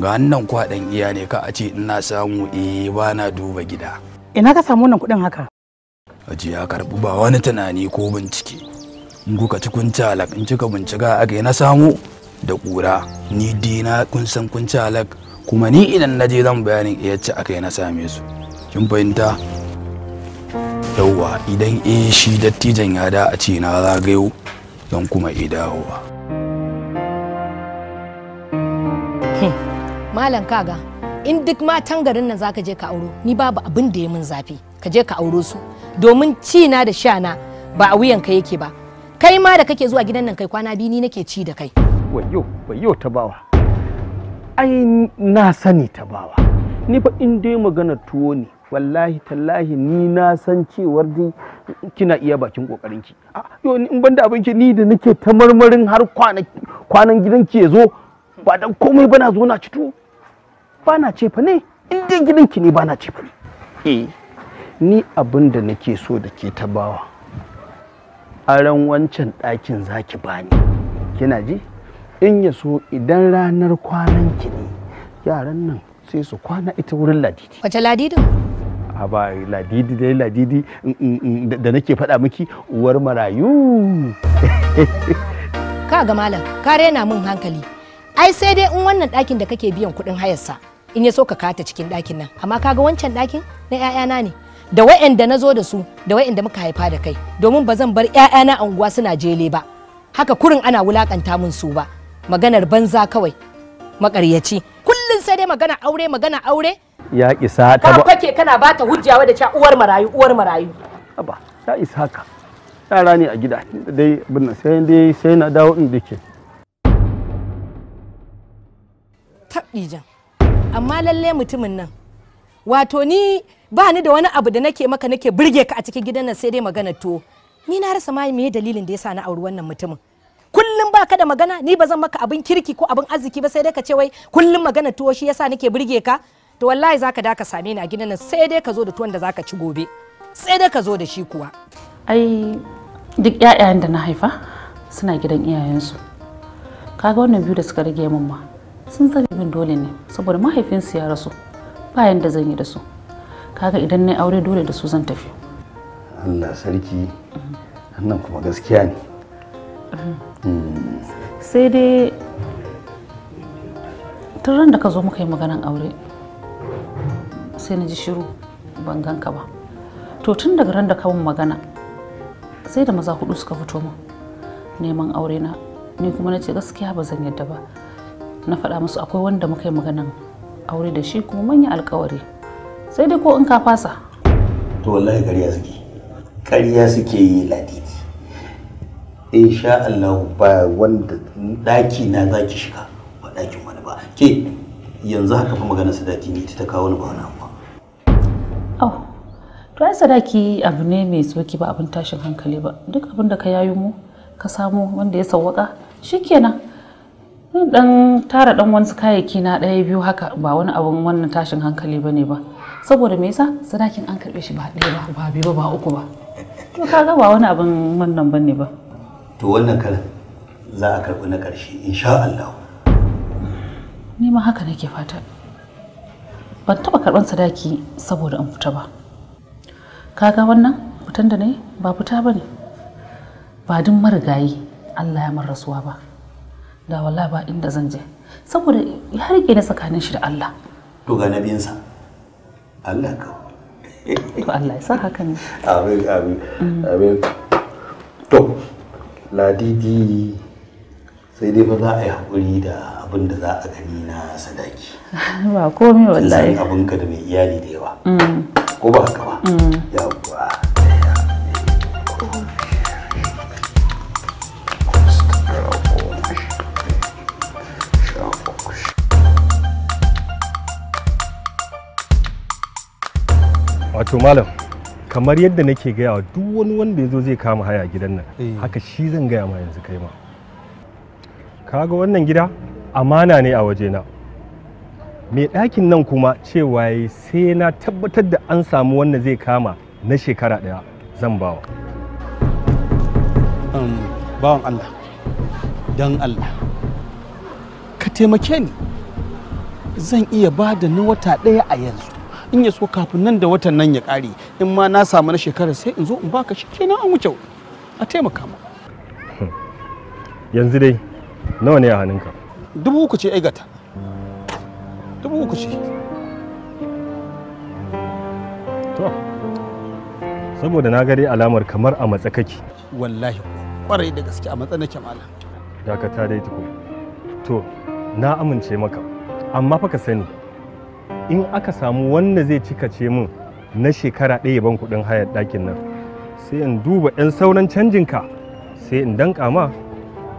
ga nan kwaɗan iya ne ka a ce ina samu e ba na duba gida ina ka samu wannan kuɗin haka aji ya karɓi ba wani tunani ko bincike in kuka ci kun calak in cika bincika aka yi na samu da kura ni dina kun san kun calak kuma ni idan na je zan bayanin yacce aka na same su kin fahimta yauwa idan eh shi dattijan ya da a ce na zagayo don kuma idahowa hmm. malam kaga in duk matan garin nan zaka je ka auro ni babu abin da ya min zafi ka je ka auro su domin ci na da sha na ba a wuyan ka yake ba kai ma da kake zuwa gidan nan kai kwana biyu ni nake ci da kai wayo wayo ta bawa ai na sani ta bawa ni fa in dai magana tuwo ne wallahi tallahi ni na san cewar dai kina iya bakin kokarin ki a ah, yo in ban da abinki ni da nake ta marmarin har kwana kwanan gidanki ya zo ba dan komai bana zo na ci tuwo bana ce fa ne in dai gidanki ne bana ce fa ne eh ni abin da nake so da ke tabawa aran wancan ɗakin zaki bani kina ji in ya so idan ranar kwanan ki ne yaran nan sai su kwana ita wurin ladidi wace ladidin a ba ladidi dai ladidi da nake faɗa miki uwar marayu ka ga malam ka rena min hankali ai sai dai in wannan ɗakin da kake biyan kuɗin hayarsa in ya so ka kata cikin ɗakin nan amma kaga wancan ɗakin na 'ya'yana ne da wa'anda na zo da su da wa'anda muka haifa da kai domin ba zan bar na unguwa suna jele ba haka kurin ana wulakanta min su ba maganar banza kawai makaryaci kullum sai dai magana aure magana aure ya isa ta ba kake kana bata hujja da cewa uwar marayu uwar marayu aba ya isa ka yara ne a gida dai bin sai dai sai na dawo in dake tabbijan amma lalle mutumin nan wato ni ba ni da wani abu da nake maka nake burge ka a cikin gidan nan sai dai magana tuwo ni na rasa ma me dalilin da yasa na auri wannan mutumin kullum baka da magana ni ba zan maka abin kirki ko abin arziki ba sai dai ka ce wai kullum magana tuwo shi yasa nake burge ka to wallahi zaka da ka same ni a gidan nan sai dai ka zo da tuwon da zaka ci gobe sai dai ka zo da shi kuwa ai duk ƴaƴayen da na haifa suna gidan iyayensu kaga wannan biyu da suka rage min ma sun zabi min dole ne saboda mahaifinsu ya rasu bayan da zan yi da su kaga idan na aure dole da su zan tafi Allah sarki annan kuma gaskiya ne sai dai tun ran da ka zo muka yi maganan aure sai na ji shiru ban ganka ba to tun daga ran da ka mun magana sai da maza hudu suka fito mu neman aure na ni kuma na ce gaskiya ba zan yadda ba na faɗa musu akwai wanda muka yi maganan aure da shi kuma manya alkawari sai dai ko in ka fasa to wallahi ƙarya suke ƙarya suke yi ladidi insha Allah ba wanda ɗaki na za ki shiga ba ɗakin wani ba ke yanzu haka fa magana sadaki ne ita ta kawo ni ba wani amma oh to ai sadaki abu ne mai tsoki ba abin tashin hankali ba duk abin da ka yayo mu ka samu wanda ya sawwaka shikenan dan tara dan wani kayayyaki na daya biyu haka ba wani abun wannan tashin hankali bane ba saboda me yasa sadakin an karbe shi ba ɗaya ba ba biyu ba uku ba to kaga ba wani abin wannan bane ba to wannan kalan za a karbi na ƙarshe insha Allah ni ma haka nake fata ban taba karban sadaki saboda an fita ba kaga wannan fitan da ne ba fita bane ba duk marigayi Allah ya min rasuwa ba da wallahi ba inda zan je saboda ya rike ni tsakanin shi da Allah to ga nabiyinsa Allah ka to Allah ya sa haka ne amin amin amin to ladidi sai dai ba za a yi haƙuri da abin da za a gani na sadaki ba komai wallahi abin ka da mai iyali da yawa mm. ko ba haka ba mm. yawwa wato malam kamar yadda nake gaya wa duk wani wanda ya zo zai kama haya gidan nan eh. haka shi zan gaya ma yanzu kai ma kaga wannan gida amana ne a wajena mai ɗakin nan kuma cewa ya sai na tabbatar da an samu wanda zai kama na shekara ɗaya zan bawa um, bawan allah don allah ka taimake ni zan iya ba da na wata ɗaya a yanzu in ya so kafin nan da watan nan ya ƙare in ma na samu na shekarar sai in zo in baka shi kenan an wuce a taimaka ma yanzu dai nawa ne a hannunka dubu uku ce aigata dubu uku ce to saboda na gari alamar kamar a matsa kake wallahi kwarai da gaske a matsa nake malam dakata dai tuko to na amince maka amma fa ka sani in aka samu wanda zai cikace min na shekara ɗaya ban kuɗin hayar ɗakin nan sai in duba ɗan sauran canjinka sai in danƙa ma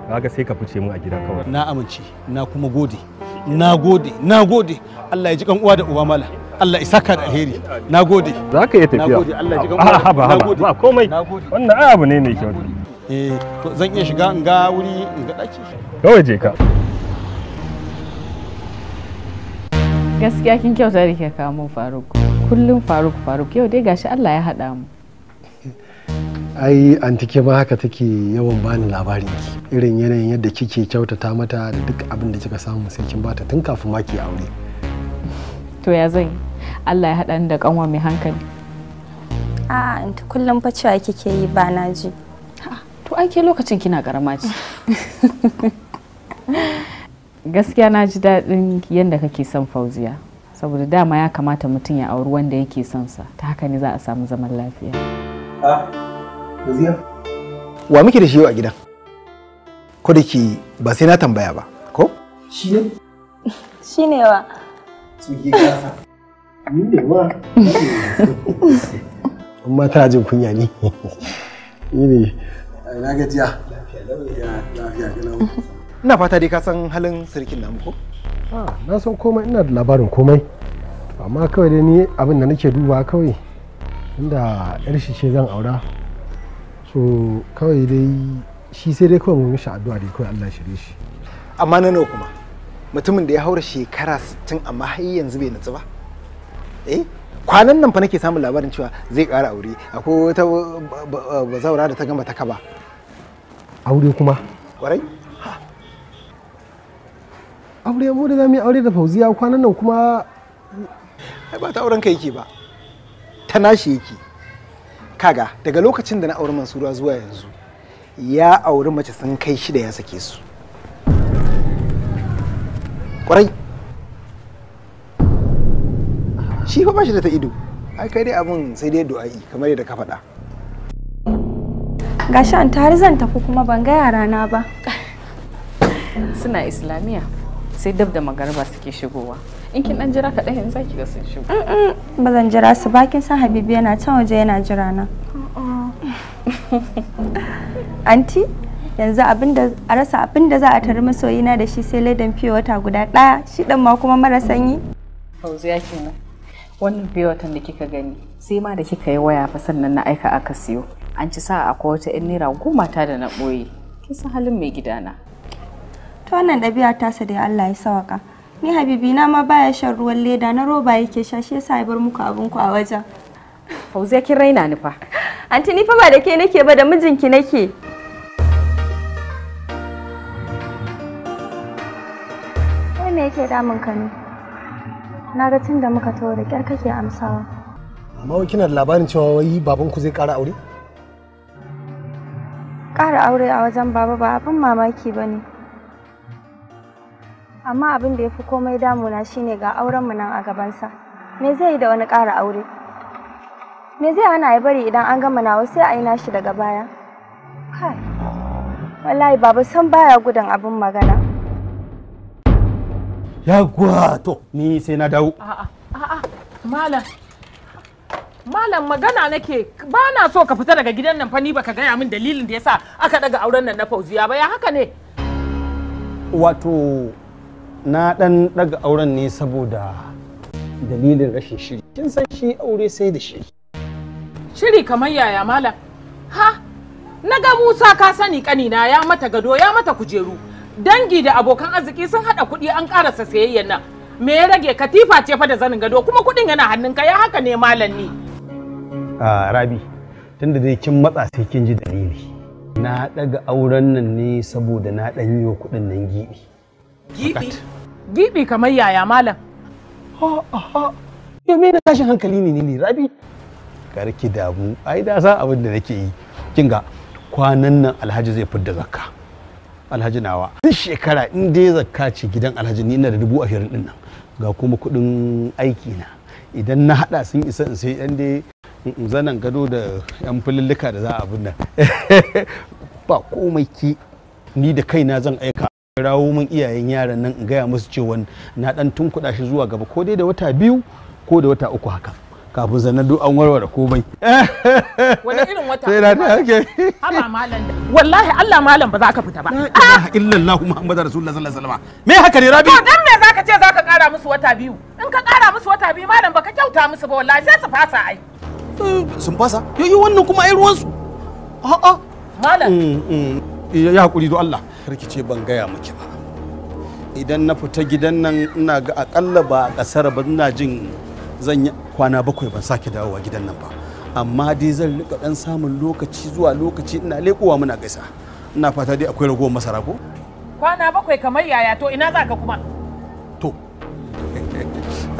kaga sai ka fice min a gida kawai na amince na kuma gode na gode na gode Allah ya ji uwa da uba mala Allah isa ka da alheri na gode za ka iya tafiya na gode Allah ya ji uwa da uba mala ba komai wannan abu ne mai kyau eh to zan iya shiga in ga wuri in ga ɗaki kawai je ka gaskiya kin kyauta da ke kawo faruk kullum faruk faruk yau dai gashi allah ya haɗa mu ai ke ma haka take yawan bani labarin ki irin yanayin yadda kike kyautata mata da duk abin da kika samu sai kin bata tun kafin ma ki aure to ya zai Allah ya haɗa ni da kanwa mai hankali a anti kullum fa cewa kike yi ba na ji to ai ke lokacin kina karama ce gaskiya na ji daɗin yadda kake son fauziya saboda dama ya kamata mutum ya auri wanda yake son sa ta haka ne za a samu zaman lafiya ah, wa muke da shi yau a gidan ko da ke ba sai na tambaya ba ko shi ne shi ne wa tsuke yi ne wa jin kunya ne Yi ne na gajiya lafiya lafiya lafiya ina fata dai ka san halin sirkin namu ko ah na san komai ina da labarin komai amma kawai dai ni abin da nake duba kawai inda yar shi ce zan aura so kawai dai shi sai dai kawai mu mishi addu'a dai kawai Allah shirye shi amma na nawa kuma mutumin da ya haura shekara 60 amma har yanzu bai nutsu ba eh kwanan nan fa nake samun labarin cewa zai ƙara aure akwai wata bazaura da ta gama ta kaba aure kuma ƙwarai aure ya bude zamu yi aure da fauziya kwanan nan kuma ai ba ta auren kai yake ba ta nashi yake kaga daga lokacin da na auri mansura zuwa yanzu ya auri mace sun kai shida ya sake su kwarai shi fa ba da ta ido ai kai dai abin sai dai du'a'i kamar yadda ka faɗa gashi an tare zan tafi kuma ban ga yara na ba suna islamiyya sai dab da magariba suke shigowa in kin dan jira kaɗan yanzu ki ga sun shigo ba zan jira su ba kin san habibi yana can waje yana jira na anti yanzu abinda a rasa abinda za a tari masoyina da shi sai laidan fiye wata guda ɗaya shi ɗan ma kuma mara sanyi ya kenan wannan fiye watan da kika gani sai ma da kika yi waya fa sannan na aika aka siyo an ci sa'a akwai wata 'yan naira goma ta da na ɓoye kin san halin mai gidana ta wannan ɗabi'a tasa da Allah ya sawaka ni habibi na ma baya shan ruwan leda na roba yake sha shi yasa ya bar muku abin ku a wajen Fauziya kin raina ni fa anti ni fa ba da ke nake ba da mijinki nake Kai me yake damun ka ne na ga tun da muka tawo da kyar kake amsawa amma wai kina da labarin cewa wai baban ku zai ƙara aure ƙara aure a wajen baba ba abin mamaki ba ne amma abin da ya fi komai damuna shine ga aurenmu nan a gabansa me zai yi da wani ƙara aure me zai hana ya bari idan an gama nawa sai a yi nashi daga baya kai wallahi baba san baya gudan abin magana ya to ni sai na dawo a'a malam malam magana nake ba na so ka fita daga gidan nan fa ni baka gaya min dalilin da ya sa aka daga auren nan na fauziya ba ya haka ne wato na dan ɗaga auren ne saboda dalilin rashin shiri kin san shi aure sai da shiri shiri kamar yaya malam ha na ga musa ka sani kanina ya mata gado ya mata kujeru dangi da abokan arziki sun haɗa kuɗi an ƙarasa sayayyan nan me ya rage katifa ce fa da zanin gado kuma kuɗin yana hannunka ya haka ne malam ni ah, rabi tunda dai kin matsa sai kin ji dalili na ɗaga auren nan ne saboda na ɗan yi wa kuɗin nan giɓi Gibi? Gibi kamar yaya malam. ha me na tashin hankali ne ne Rabi? ki damu, ai da san abin da nake yi. Kin ga kwanan nan Alhaji zai fidda zakka. Alhaji nawa. Duk shekara in dai zakka ce gidan Alhaji ni ina da dubu ashirin din nan. Ga kuma kuɗin aiki na. Idan na haɗa sun isa in sai ɗan dai mm, mm, zanen gado da 'yan fililika da za a abin nan. Ba komai ki ni da kaina zan aika rawo mun iyayen yaran nan in gaya musu cewa na dan kuɗa shi zuwa gaba ko dai da wata biyu ko da wata uku haka kafin zanen duk an warware komai wani irin wata sai na ake haba wallahi Allah malam ba za ka fita ba illallahu muhammadu rasulullah sallallahu alaihi wasallam me haka ne rabi to dan me zaka ce zaka kara musu wata biyu in ka kara musu wata biyu malam ba ka kyauta musu ba wallahi sai su fasa ai sun fasa yoyi wannan kuma ai ruwansu a'a malam mm, mm. Eh, ya hakuri do Allah rikice ban gaya miki ba idan na fita gidan nan ina ga akalla ba a kasar ba ina jin zan yi kwana bakwai ban sake dawowa gidan nan ba amma dai zan rika dan samun lokaci zuwa lokaci ina leƙowa muna gaisa ina fata dai akwai ragowar masara ko kwana bakwai kamar yaya to ina za ka kuma to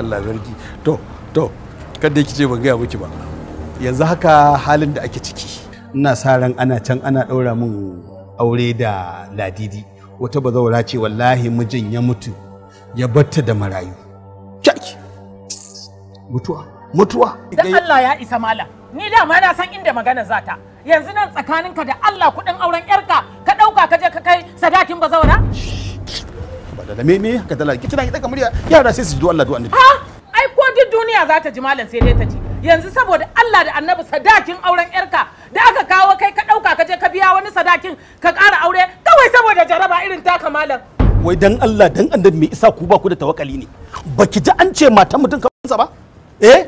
Allah zargi to to kada ce ban gaya miki ba yanzu haka halin da ake ciki ina sa ran ana can ana ɗaura min aure da ladidi wata ba zaura ce wallahi mijin ya mutu ya batta da marayu kyaki mutuwa mutuwa dan Allah ya isa mala ni da ma na san inda magana za ta yanzu nan tsakaninka da Allah kudin auren yarka ka dauka ka je ka kai sadakin bazawara ba da me me ka dala ki tana ki daga murya yara sai su ji Allah du'a ha ai ko duk duniya za ta ji malam sai dai ta ji yanzu saboda Allah da annabi sadakin auren yarka da aka kawo kai ka dauka ka je ka biya wani sadakin ka ƙara aure kawai saboda jaraba irin taka malam wai dan Allah dan annabi me isa ku ba ku da tawakali ne baki ji an ce matan mutum ka ba eh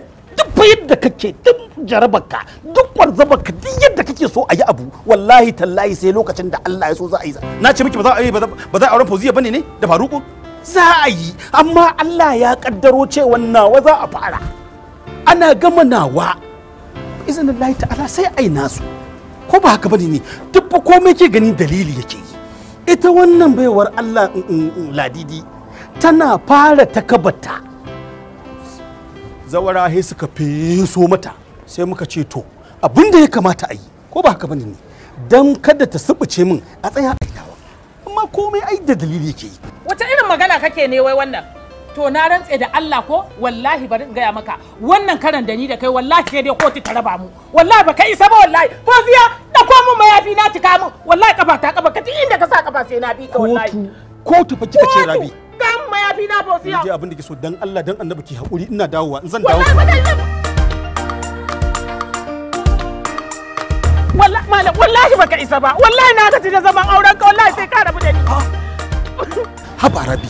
duk fa da kake duk jarabarka duk kwarzabarka duk yadda kake so a yi abu wallahi tallahi sai lokacin da Allah ya so za a yi na ce miki ba za a yi ba za a aure fauziya bane ne da faruku za a yi amma Allah ya kaddaro cewa nawa za a fara ana gama nawa izinin lahi ta'ala sai yi nasu ko ba haka bane ne duk ko me ke gani dalili yake yi ita wannan baiwar Allah mm, mm, mm, ladidi tana fara takabata zawara he suka so mata sai muka ce to abin ya kamata a yi ko ba haka bane ne dan kada ta subuce min a tsaya amma komai ai da dalili yake yi wata irin magana kake ne wai wannan to na rantse da Allah ko wallahi bari in gaya maka wannan karan da ni da kai wallahi sai dai kotu ta raba mu wallahi ba kai isa ba wallahi ko ziya da ko mu mayafi na tuka mu wallahi kafa ta kafa ka inda ka sa kafa sai na bi ka wallahi kotu fa kika ce rabi kan mayafi na fosiya je abin da ke so dan Allah dan annabi ki hakuri ina dawowa in zan dawo ba malam wallahi baka isa ba wallahi na gaji da zaman auren ka wallahi sai ka rabu da ni haba rabi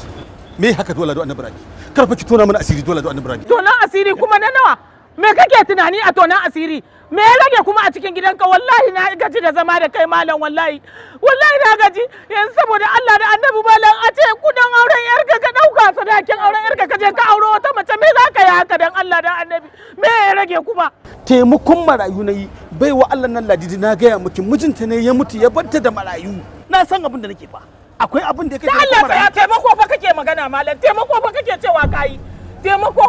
me haka dole do annabi rabi karfa ki tona mana asiri dole do annabi rabi tona asiri kuma na nawa me kake tunani a tona asiri me ya rage kuma a cikin gidanka wallahi na gaji da zama da kai malam wallahi wallahi na gaji yanzu saboda Allah da annabi malam a ce kudan auren yar ka dauka sadakin auren yar ka je ka auro wata mace me za ka yi haka dan Allah da annabi me ya rage kuma taimakon marayu na yi bai wa Allah nan ladidi na gaya miki mijinta ne ya mutu ya barta da marayu na san abin da nake fa akwai abin da kake da Allah ya taimako fa kake magana malam taimako fa kake cewa kai taimako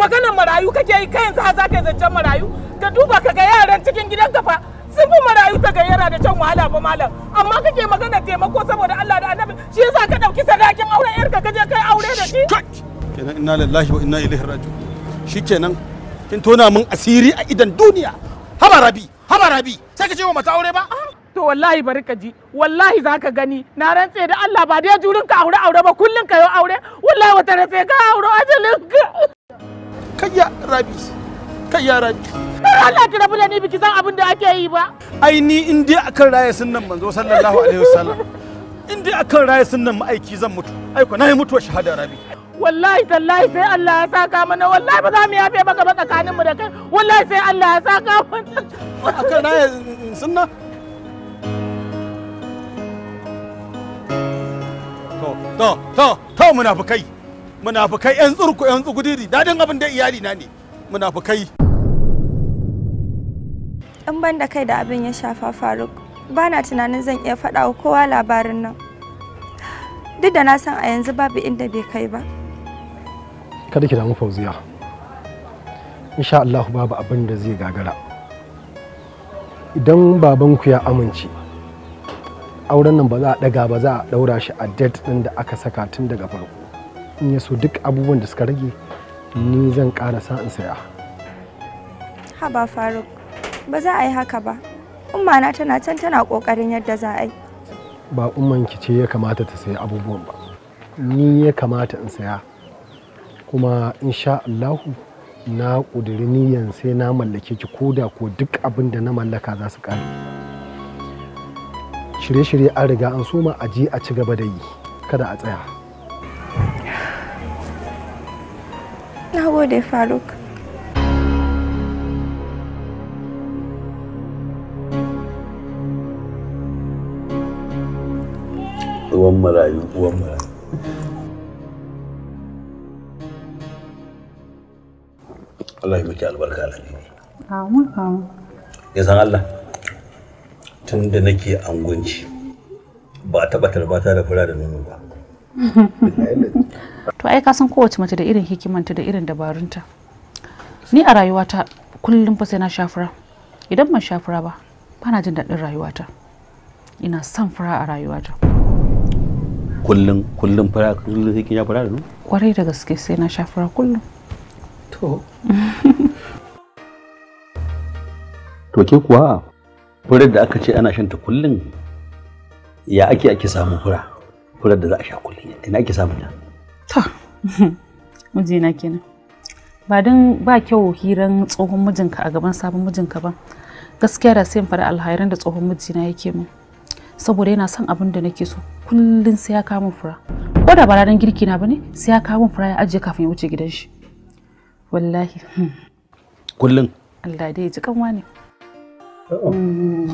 magana marayu kake yi kai yanzu za ka zancen marayu ka duba ka ga yaran cikin gidanka fa sun fi marayu ta gayyara da can wahala ba malam amma kake magana taimako saboda Allah da annabi shi yasa ka dauki sadakin auren yarka ka je kai aure da shi kenan inna lillahi wa inna ilaihi raji'un shikenan kin tona min asiri a idan duniya haba rabi haba rabi sai ka ce wa mata aure ba ah, to wallahi bari ka ji wallahi za ka gani na rantse da Allah ba dai jurin ka aure aure ba kullun ka yi aure wallahi wata rantse ka aure ajalin ka kayya rabi kayya rabi Allah ki rabu da ni biki san abin da ake yi ba ai ni in dai akan raya sunnan manzo sallallahu alaihi wasallam in dai akan raya sunnan ma'aiki zan mutu ai ko na yi mutuwar shahada rabi wallahi tallahi sai Allah ya saka mana wallahi ba za mu yafe baka ba tsakanin mu da kai wallahi sai Allah ya saka mana akan na sunna to to to to munafikai munafikai yan tsurku yan tsugudiri dadin abin da iyali na ne munafikai in ban da kai da abin ya shafa faruk ba na tunanin zan iya faɗa wa kowa labarin nan duk da na san a yanzu babu inda bai kai ba kada ki damu fauziya insha Allah babu abin da zai gagara idan babanku ya amince auren nan ba za a daga ba za a daura shi a date din da aka saka tun daga farko in ya so duk abubuwan da suka rage ni zan karasa in saya haba faruk ba za a yi haka ba umma na tana can tana kokarin yadda za a yi ba umman ki ce ya kamata ta sayi abubuwan ba ni ya kamata in saya kuma insha Allahu na ƙudiri niyan sai na mallake ki ko da ko duk abin da na mallaka za su ƙare shirye-shirye an riga an soma a je a ci gaba da yi kada a tsaya na gode faruk uwan marayu uwan marayu Allah ya miki albarka alhaji amin ya san Allah tun da nake angunci ba a ba tarbata da fura da nono ba to ai ka san kowace mace da irin hikimanta da irin dabarunta ni a rayuwata kullum fa sai na shafura idan ban shafura ba ba na jin daɗin rayuwata ina son fura a rayuwata kullum kullum fura kullum sai kin ya fura da kwarai da gaske sai na shafura kullum to to ke kuwa furar da aka ce ana shanta kullum ya ake ake samun fura furar da za a sha kullum ina ake samun ta to mijina kenan ba don ba kyau hiran tsohon mijinka a gaban sabon mijinka ba gaskiya da sai in faɗi da tsohon mijina yake min saboda yana son abin da nake so kullum sai ya kama fura ko da ba ranar girki na bane sai ya kama fura ya ajiye kafin ya wuce gidan shi wallahi kullum Allah dai ji kanwa ne mm.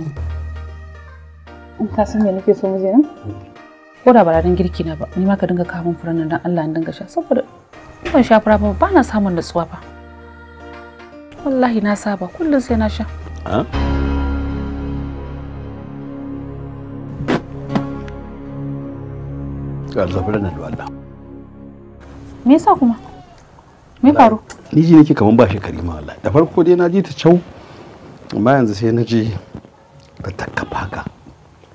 in ka san me nake so mu je nan ko da ba girki na ba ni ma ka dinga kawo min furan nan Allah in dinga sha saboda ban sha fura ba ba na samun natsuwa ba wallahi na saba kullum sai na sha ah? ga zafirar nan da Allah me yasa kuma me faru ni ji nake kaman ba shekari ma wallahi da farko dai na ji ta cau amma yanzu sai na ji ta takkafa haka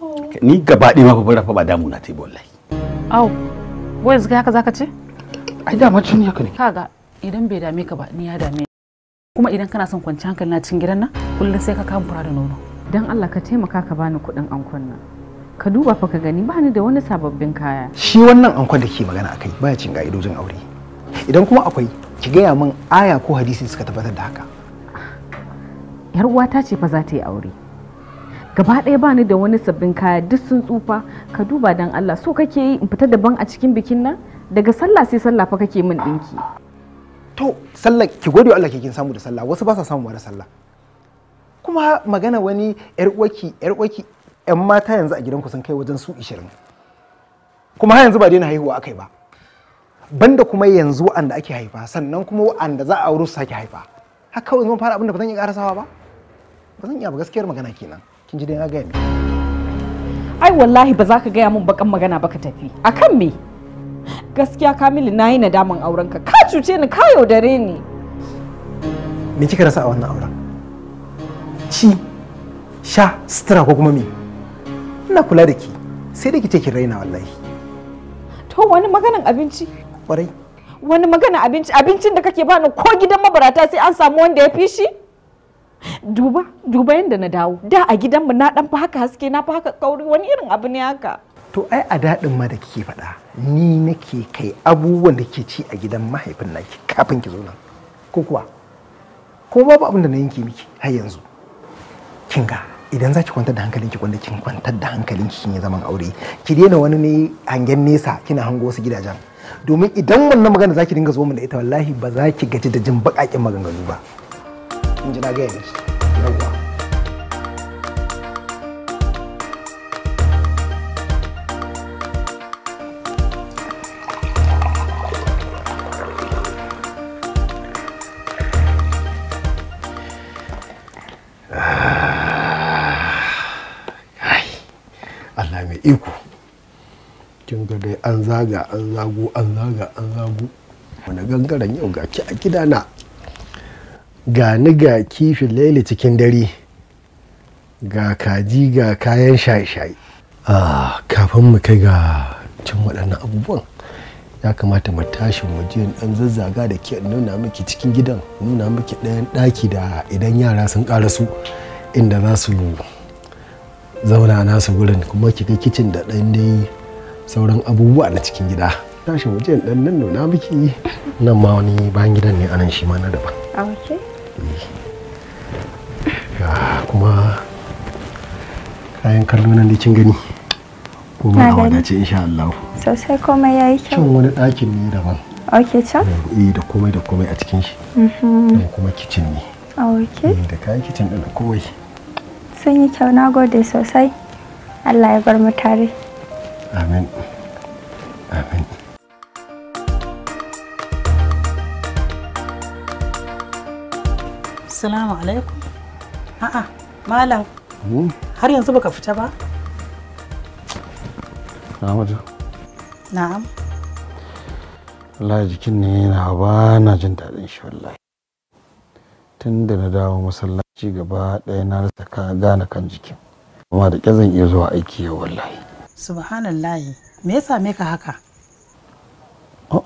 oh. ni gaba ɗaya ma fa fa ba damu na tai yi wallahi au wai yanzu kai haka zaka ce ai da mace ne haka ne kaga idan bai dame ka ba ni ya dame kuma idan kana son kwanci hankali na cikin gidan nan kullum sai ka kama fura da nono dan Allah ka taimaka ka bani kuɗin ankon nan ka duba fa ka gani bani da wani sababbin kaya shi wannan ankon da ke magana akai baya cin ga'idojin aure idan kuma akwai ki gaya min aya ko hadisi suka tabbatar da haka yar uwata ce fa za ta yi aure gaba ɗaya ba ni da wani sabbin kaya duk sun tsufa ka duba dan Allah so kake yi in fita daban a cikin bikin nan daga sallah sai sallah fa kake min ɗinki to sallah ki gode Allah ke kin samu da sallah wasu ba sa samu da sallah kuma magana wani yar uwaki yar uwaki yan mata yanzu a gidanku sun kai wajen su 20 kuma har yanzu ba daina haihuwa akai ba banda kuma yanzu wa'anda ake haifa sannan kuma wa'anda za a wuri su sake haifa haka kawai zan fara abinda ba zan iya karasawa ba ba zan iya ba gaskiyar magana kenan kin ji dai na gaya ai wallahi ba za ka gaya min bakan magana ba ka tafi akan me gaskiya kamilu na yi nadaman auren ka ka cuce ni ka yaudare ni me kika rasa a wannan auren ci sha sutura ko kuma me ina kula da ki sai da ki ce ki raina wallahi to wani maganan abinci kwarai wani magana abinci abincin da kake bani ko gidan mabarata sai an samu wanda ya fi shi duba duba yadda na dawo da a gidanmu na dan fa haka haske na fa haka kauri wani irin abu ne haka to ai a daɗin ma da kike faɗa ni nake kai abubuwan da ke ci a gidan mahaifin naki kafin ki zo nan ko kuwa ko babu abin da na yanke miki har yanzu kin ga idan za ki kwantar da hankalinki wanda kin kwantar da hankalinki kin yi zaman aure ki daina wani ne hangen nesa kina hango wasu gidajen domin idan wannan magana zaki dinga zo mu da ita wallahi ba za ki gaji da jin bakakin maganganu ba in ji na gaya shi, yawwa ah, Allah mai iko kin ga dai an zaga an zago an zaga an zago wani gangaren yau ga ki a gidana ga ni ga kifin laili cikin dare ga kaji ga kayan shaye-shaye ah, kafin mu kai ga cin waɗannan abubuwan ya kamata mu tashi mu je dan zazzaga da ke nuna miki cikin gidan nuna miki ɗayan ɗaki da idan yara sun su inda za su zauna nasu gurin kuma kika kicin da ɗan dai sauran abubuwa na cikin gida tashi waje dan nan nuna miki nan ma wani bayan gidan ne anan shi ma na daban a wace eh. kuma kayan kallo nan da kin gani komai a ce insha Allah sosai komai yayi kyau can wani ɗakin ne daban Oke can eh da komai da komai a cikin shi da mhm. kuma kitchen ne ok eh, da kayan kitchen din da komai sun yi kyau na gode sosai Allah ya bar mu tare Amin. Amin. Salamu alaikum. A'a, malam. Hmm? Har yanzu baka fita ba? Na'amadu. Na'am. Wallahi jikin ne yana ba na jin daɗin shi wallahi. Tun da na dawo masallaci gaba ɗaya na rasa ka gane kan jikin. Amma da ƙyar zan iya zuwa aiki yau wallahi. subhanallah me ya same ka haka oh,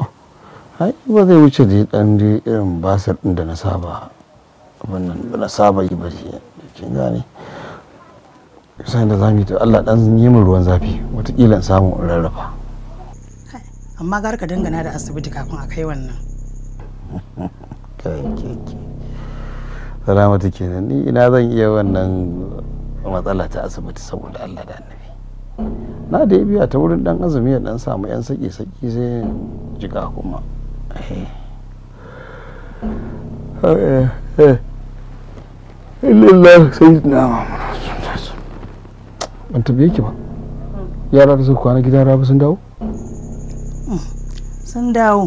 ai ba zai wuce da dan da irin basar din da na saba wannan ba na saba yi ba shi kin gane sai da zamu to Allah dan yi min ruwan zafi watakila in samu in rarrafa amma gar ka dangana da asibiti kafin a kai wannan ke salamatu kenan ni ina zan iya wannan matsala ta asibiti saboda Allah da na da ya biya ta wurin dan azumi ya dan samu yan saki-saki sai jika kuma eh, eh, eh. illallah da suka kwana gidan rabu sun dawo sun dawo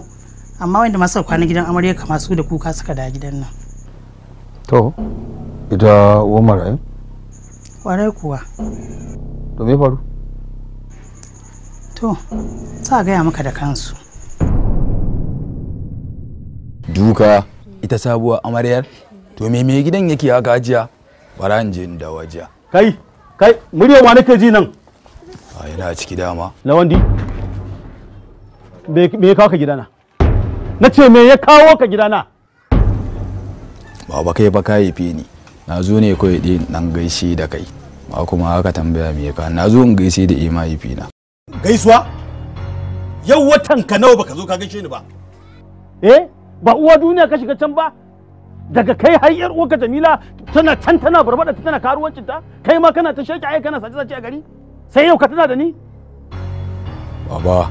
amma wanda masu kwana gidan amarya kama su da kuka suka da gidan nan to ita wa marayu warai kuwa to faru to sa gaya maka da kansu duka ita sabuwa amaryar to me me gidan yake haka ajiya bara in je da wajiya. kai kai murya wa nake ji nan a yana ciki dama lawandi me ya kawo ka gidana na ce me ya kawo ka gidana baba kai ba ka fi ni na zo ne kawai ɗin nan gaishe da kai ba kuma haka tambaya me ka na zo in gaishe da ima eh, na gaisuwa yau watan ka nawa baka zo ka gaishe ni ba eh ba uwa duniya ka shiga can ba daga kai har yar ka Jamila tana can tana barbada ta tana karuwancin ta kai ma kana ta sheki ai kana sace sace a gari sai yau ka tana da ni baba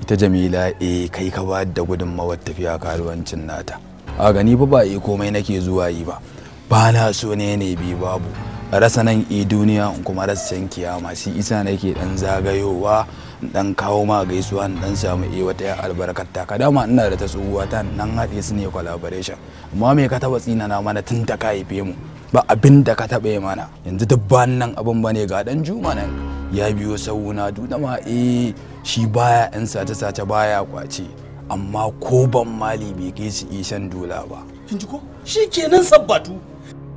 ita Jamila eh kai ka ba da gudunmawar tafiya karuwancin nata a gani ba ba eh komai nake zuwa yi ba ba na so ne ne bi babu rasa nan e duniya kuma rasa san kiyama shi isa nake dan zagayowa dan kawo ma gaisuwa dan samu e wata ya albarkar ka dama ina da ta tsohuwa ta nan haɗe su ne collaboration amma me ka taba tsina na mana tun ta kaife mu ba abin da ka taba yi mana yanzu duk ba nan abin ne ga dan juma nan ya biyo sauna duna ma eh shi baya yan sace sace baya kwace amma ko ban mali bai kai su shan dola ba kin ji ko shikenan sabbatu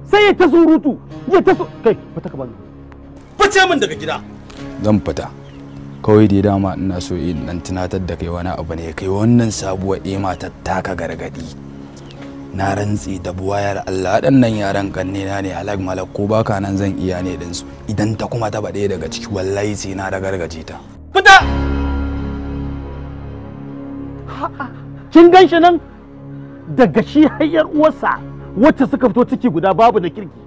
sai ya ta surutu ya ta kai fita ka bani fice min daga gida zan fita kawai dai dama ina so in dan tunatar da kai wani abu ne kai wannan sabuwar ema eh, ta taka gargadi na rantsi da buwayar Allah waɗannan yaran kanne na ne halak malak ko baka nan zan iya ne din su idan ta kuma ta bade daga ciki wallahi sai na da gargaje ta fita kin ganshi nan daga shi har uwarsa wacce suka fito ciki guda babu da kirki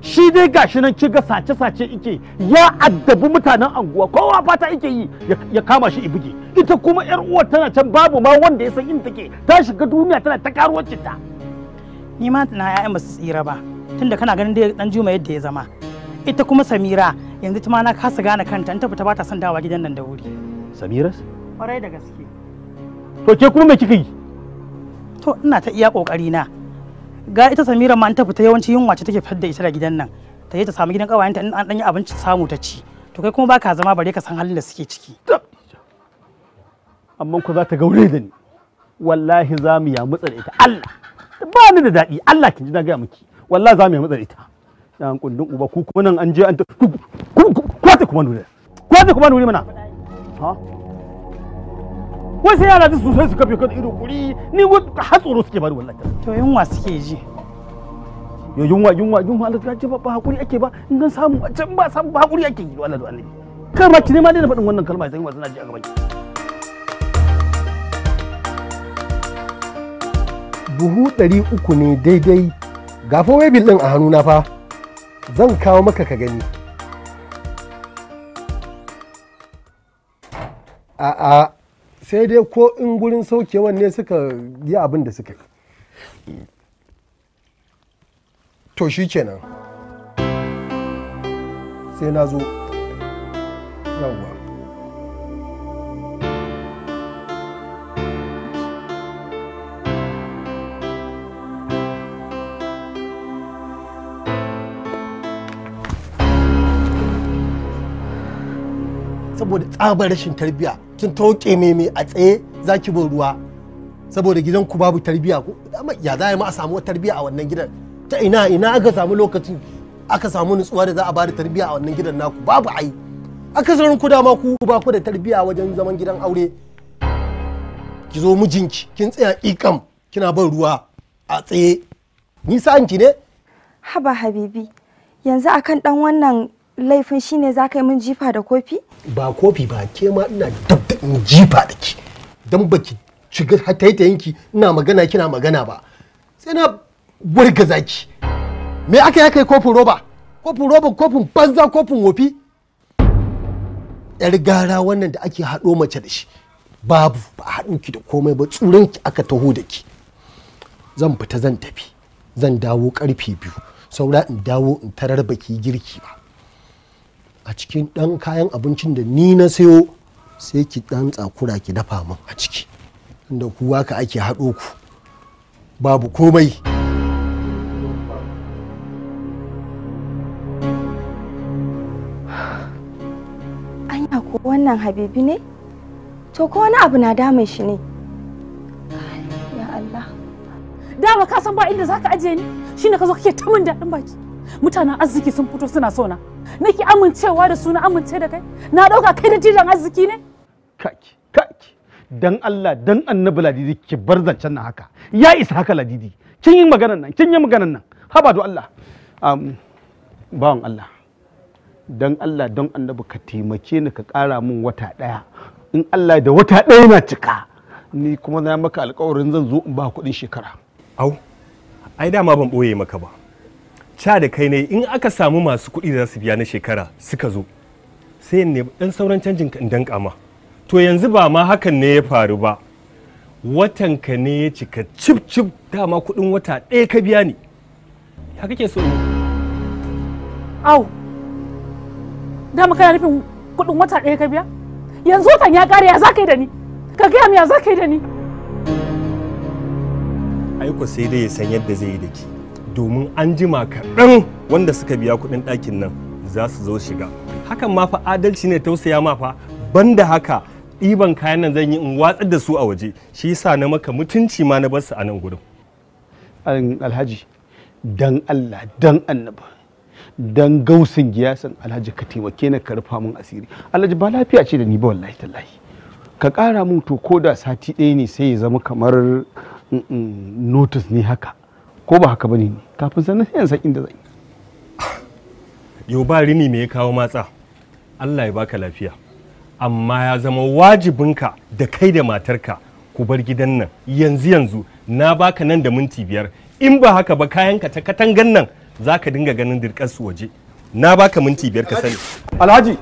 shi dai gashi nan kiga sace-sace ike ya addabi mutanen anguwa kowa fata ike yi ya kama shi ibuge ita kuma yar uwar tana can babu ma wanda ya san in take ta shiga duniya tana ta karuwancin ta ni ma na ba basu tsira ba tunda kana ganin dai dan juma yadda ya zama ita kuma samira yanzu ta ma na kasa gane kanta in ta fita ba ta son dawa gidan nan da wuri Samira. kwarai da gaske to ke kuma me kika yi to ina ta iya kokari na ga ita samira ma an ta fita yawanci yunwa ce take fitar da ita da gidan nan ta yi ta samu gidan kawayenta in an danyi abinci samu ta ci to kai kuma ba ka zama bare ka san halin da suke ciki amma ku za ta gaure da ni wallahi za mu ya mutsa da Allah ba ni da daɗi Allah kin ji na gaya miki wallahi za mu ya mutsa da ita yan uba ku kuma nan an je an ku ku kuma ku ku kuma ku mana ku wai sai yara su sai su kafe kan ido kuri ni har tsoro suke bari wallahi to yunwa suke ji yo yunwa yunwa yunwa Allah ka ce ba ba hakuri ake ba in gan samu a can ba samu ba hakuri ake yi wallahi annabi kar ma ki ne ma dai na faɗin wannan kalma sai yunwa suna ji a gaban ki buhu ɗari uku ne daidai ga gafa webin ɗin a hannuna fa zan kawo maka ka gani a'a sai dai ko in gurin saukewan ne suka yi abin da suka yi to shi kenan sai na zo yawwa saboda tsabar rashin tarbiya kin toke meme a tsaye zaki bin ruwa saboda gidan ku babu tarbiya ya za a ma a samu tarbiya a wannan gidan ta ina ina aka samu lokacin aka samu nutsuwa da za a bada tarbiya a wannan gidan naku babu ai akasarin ku dama ku ba ku da tarbiya wajen zaman gidan aure ki zo mijinki kin tsaya ikam kina ban ruwa a tsaye ni sa'anki ne haba habibi yanzu akan dan wannan laifin shine za ka yi min jifa da kofi? Ba kofi ba ke ma ina dab da in jifa da ki. Don ba ki shiga taitayenki ina magana kina magana ba. Sai na za ki. Me aka yi aka yi kofin roba? Kofin roba kofin banza kofin wofi? Yar gara wannan da ake haɗo mace da shi. Babu ba a ki da komai ba tsuran ki aka taho da ki. Zan fita zan tafi. Zan dawo karfe biyu. Saura in dawo in tarar baki girki ba. a cikin ɗan kayan abincin da ni na sayo sai ki ɗan tsakura ki dafa min a ciki inda kuwa ka ake haɗo ku babu komai anya ko wannan habibi ne to ko wani abu na damun shi ne ya Allah dama ka san ba inda zaka aje ni shine ka zo kake ta min daɗin baki mutanen arziki sun fito suna sona nake amincewa da su na amince da kai na dauka kai da tijan arziki ne kaki kaki dan Allah dan annabi ladidi ki bar zancen nan haka ya isa haka ladidi kin yi maganar nan kin yi maganar nan haba do Allah um, bawan Allah dan Allah dan annabi ka taimake ni ka kara min wata daya in Allah da wata daya na cika ni kuma na maka alƙawarin zan zo in ba kuɗin shekara au ai dama ban ɓoye maka ba ca da kai ne in aka samu masu kuɗi da su biya na shekara suka zo sai ne ɗan sauran canjin in danka ma to yanzu ba ma hakan ne ya faru ba watan ka ne ya cika cip cip dama kuɗin wata ɗaya ka biya ni ya kake so ne au dama kana nufin kuɗin wata ɗaya ka biya yanzu watan ya ƙare ya za ka yi da ni ka gaya ya za ka yi da ni aiko sai dai ya san yadda zai yi da ki domin an jima kaɗan wanda suka biya kuɗin ɗakin nan za su zo shiga hakan ma fa adalci ne tausaya ma fa banda haka ɗiban kayan nan zan yi in watsar da su a waje shi sa na maka mutunci ma na bar su a nan gurin alhaji dan Allah dan annaba dan gausin giyasan alhaji ka taimake na ka rufa min asiri alhaji ba lafiya ce da ni ba wallahi tallahi ka kara mun to ko da sati ɗaya ne sai ya zama kamar mm, mm, notice ne haka ko ba haka bane ne kafin sannan sai san inda zan yau ba rini me ya kawo matsa Allah ya baka lafiya amma ya zama wajibinka da kai da matarka ku bar gidan nan yanzu yanzu na baka nan da minti biyar in ba haka ba kayanka ta katangan nan za ka dinga ganin dirkar su waje na baka minti biyar ka sani alhaji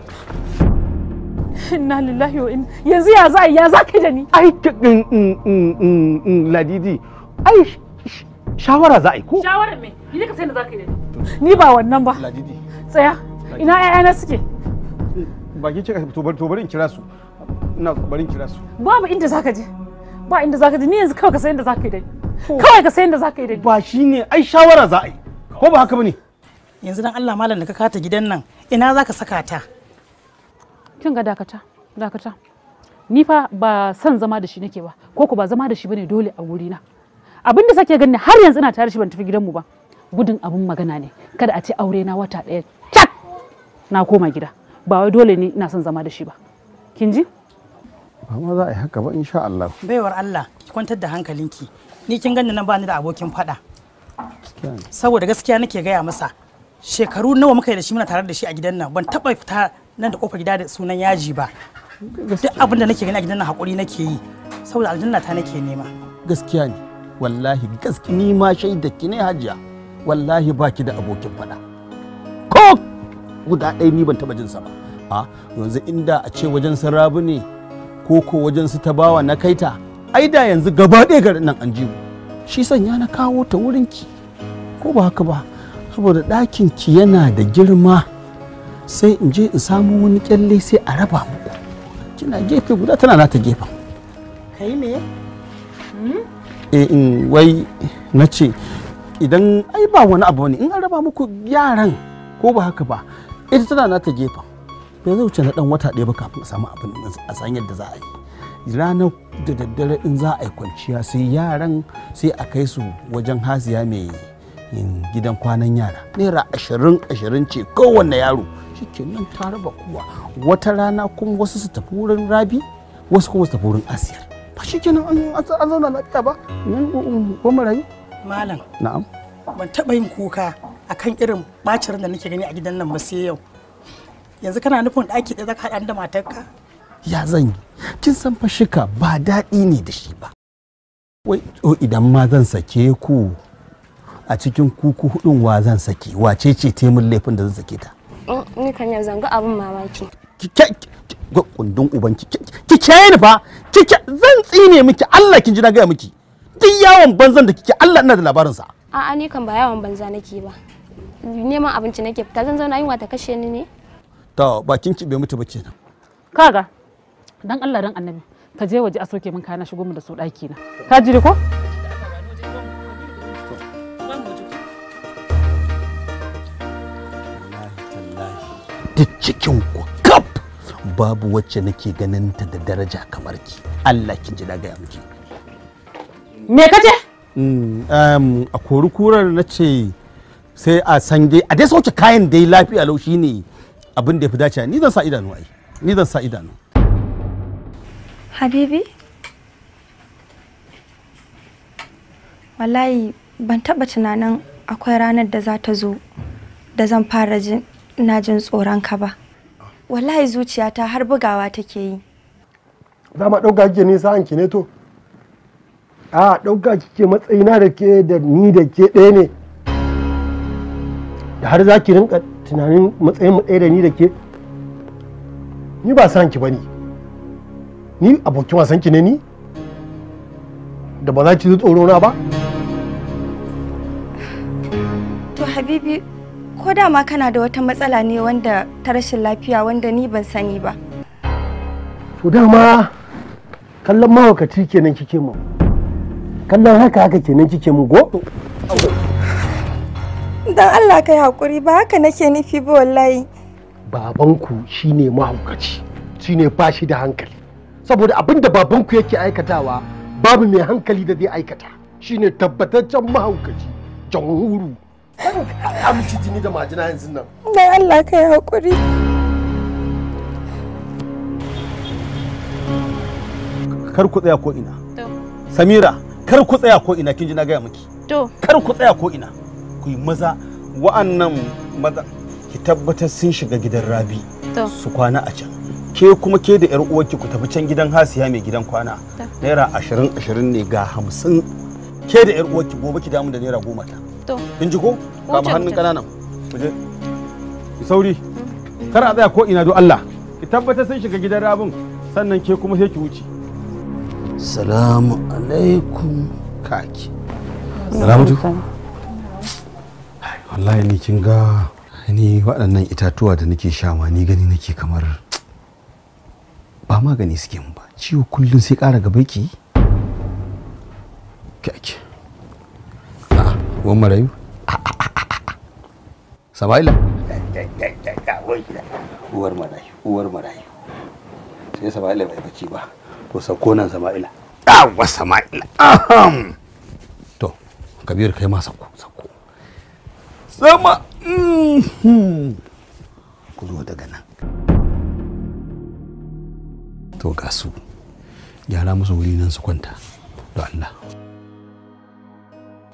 inna lillahi wa inna yanzu ya za ya za ka da ni ai ladidi ai shawara za a yi ko shawara me ni ka sani da zaka yi ni ba wannan ba ladidi tsaya ina ƴaƴana suke ba ki cika to bari in kira su ina bari in kira su babu inda zaka je ba inda zaka je ni yanzu kawai ka da za zaka yi dai kawai ka da za zaka yi dai ba shine ai shawara za a yi ko ba haka bane yanzu dan Allah malam da ka kata gidan nan ina zaka saka ta kin ga dakata dakata ni fa ba son zama da shi nake ba ko ku ba zama da shi bane dole a wurina na abin da sake gani har yanzu ina tare shi ban tafi gidanmu ba gudun abin magana ne kada a ce aure na wata daya cak na koma gida ba wai dole ne ina son zama da shi ba kin ji ba ma za a yi haka ba insha Allah baiwar Allah ki kwantar da hankalinki ni kin ganni nan ba ni da abokin fada saboda gaskiya nake gaya masa shekaru nawa muka yi da shi muna tare da shi a gidan nan ban taba fita nan da kofar gida da sunan yaji ba duk abin da nake gani a gidan nan haƙuri nake yi saboda aljanna ta nake nema gaskiya ne wallahi gaske ni ma shaida ki ne hajiya wallahi baki da abokin faɗa ko guda ɗaya ni ban taɓa jin sa ba a yanzu inda a ce wajen su rabu ne ko ko wajen su tabawa na kaita ai da yanzu gaba ɗaya garin nan an jibu shi sanya na kawo ta wurin ki ko ba haka ba saboda ɗakin ki yana da girma sai in je in samu wani kyalle sai a raba muku kina gefe guda tana nata gefen kai me hmm? Eh, in wai na ce idan ai ba wani abu ne in an raba muku yaran ko ba haka ba ita tana na ta gefa bai zai wuce na dan wata ɗaya ba kafin a samu abin a san yadda za a yi ranar da daddare in za a yi kwanciya sai yaran sai a kai su wajen haziya mai gidan kwanan yara naira ashirin ashirin ce kowanne yaro shikenan ta raba kowa wata rana kuma wasu su tafi wurin rabi wasu kuma su tafi wurin asiyar ba shi kenan an zauna lafiya ba malam na'am ban taɓa yin kuka akan irin bacin da nake gani a gidan nan ba sai yau yanzu kana nufin ɗaki ɗaya zaka haɗa da matarka ya zan yi kin san fa shika ba daɗi ne da shi ba wai to idan ma zan sake ku a cikin kuku hudun wa zan sake wace ce taimun laifin da zan sake ta mm, ni kan yau ga abin mamaki kundin ubanki ki ni fa kike zan tsine miki Allah kin ji na gaya miki duk yawon banzan da kike Allah ina da labarin sa a'a ni kan ba yawon banza nake ba neman abinci nake fita zan zauna yunwa ta kashe ni ne to bakin ki bai mutu ba kenan kaga dan Allah dan annabi ka je waje a soke min kana shigo mu da su daki na ka ji ko cikin ku babu wacce nake ganin ta da daraja kamar ki Allah ki ji daga yanki me kace mm, um, a korukurar na ce sai a sange a dai sauke kayan dai lafiya lau shine abin da ya fi dace ni zan sa idanu ai ni zan sa idanu habibi wallahi ban taba tunanin akwai ranar da za ta zo da zan fara jin na jin tsoron ka ba wallahi zuciyata har bugawa take yi dama ɗauka kike ne sa'an ki ne to a ɗauka kike matsayina da ke da ni da ke ɗaya ne da har za ki rinka tunanin matsayin mu ɗaya da ni da ke ni ba sa'an ki bane ni abokin wasan ki ne ni da ba za ki ji tsoro na ba to habibi ko dama kana da wata matsala ne wanda ta rashin lafiya wanda ni ban sani ba to dama kallon mahaukaci kenan kike mu kallon haka haka kenan kike mu go dan Allah kai hakuri ba haka nake nufi ba wallahi babanku shine mahaukaci shine ba shi da hankali saboda abin da babanku yake aikatawa babu mai hankali da zai aikata shine tabbataccen mahaukaci janhuru haɗa miki jini da majina yanzu nan. Bai Allah ka yi haƙuri. Kar ku tsaya ko ina. Samira, kar ku tsaya ko ina kin ji na gaya miki. To. Kar ku tsaya ko ina. Ku yi maza wa'annan maza ki tabbatar sun shiga gidan Rabi. Su kwana a can. Ke kuma ke da 'yar uwarki ku tafi can gidan Hasiya mai gidan kwana. Naira ashirin ashirin ne ga hamsin. Ke da 'yar uwarki gobe ki damu da naira goma ta. to kin ji ko kama hannun kananan kuje sauri kar a tsaya ko ina do Allah ki tabbatar sun shiga gidan rabin sannan ke kuma sai ki wuce salamu alaikum kaki salamatu wallahi ni kin ga ni waɗannan itatuwa da nake sha ma ni gani nake kamar ba magani suke mu ba ciwo kullum sai ƙara gaba ki uwan marayu samaila uwar marayu uwar marayu sai sama'ila bai bacci ba ko sauko nan sama'ila ɗawa sama'ila to kabiru kai ma sauko sauko sama ku zo daga nan to ga su gyara musu wuri nan su kwanta da Allah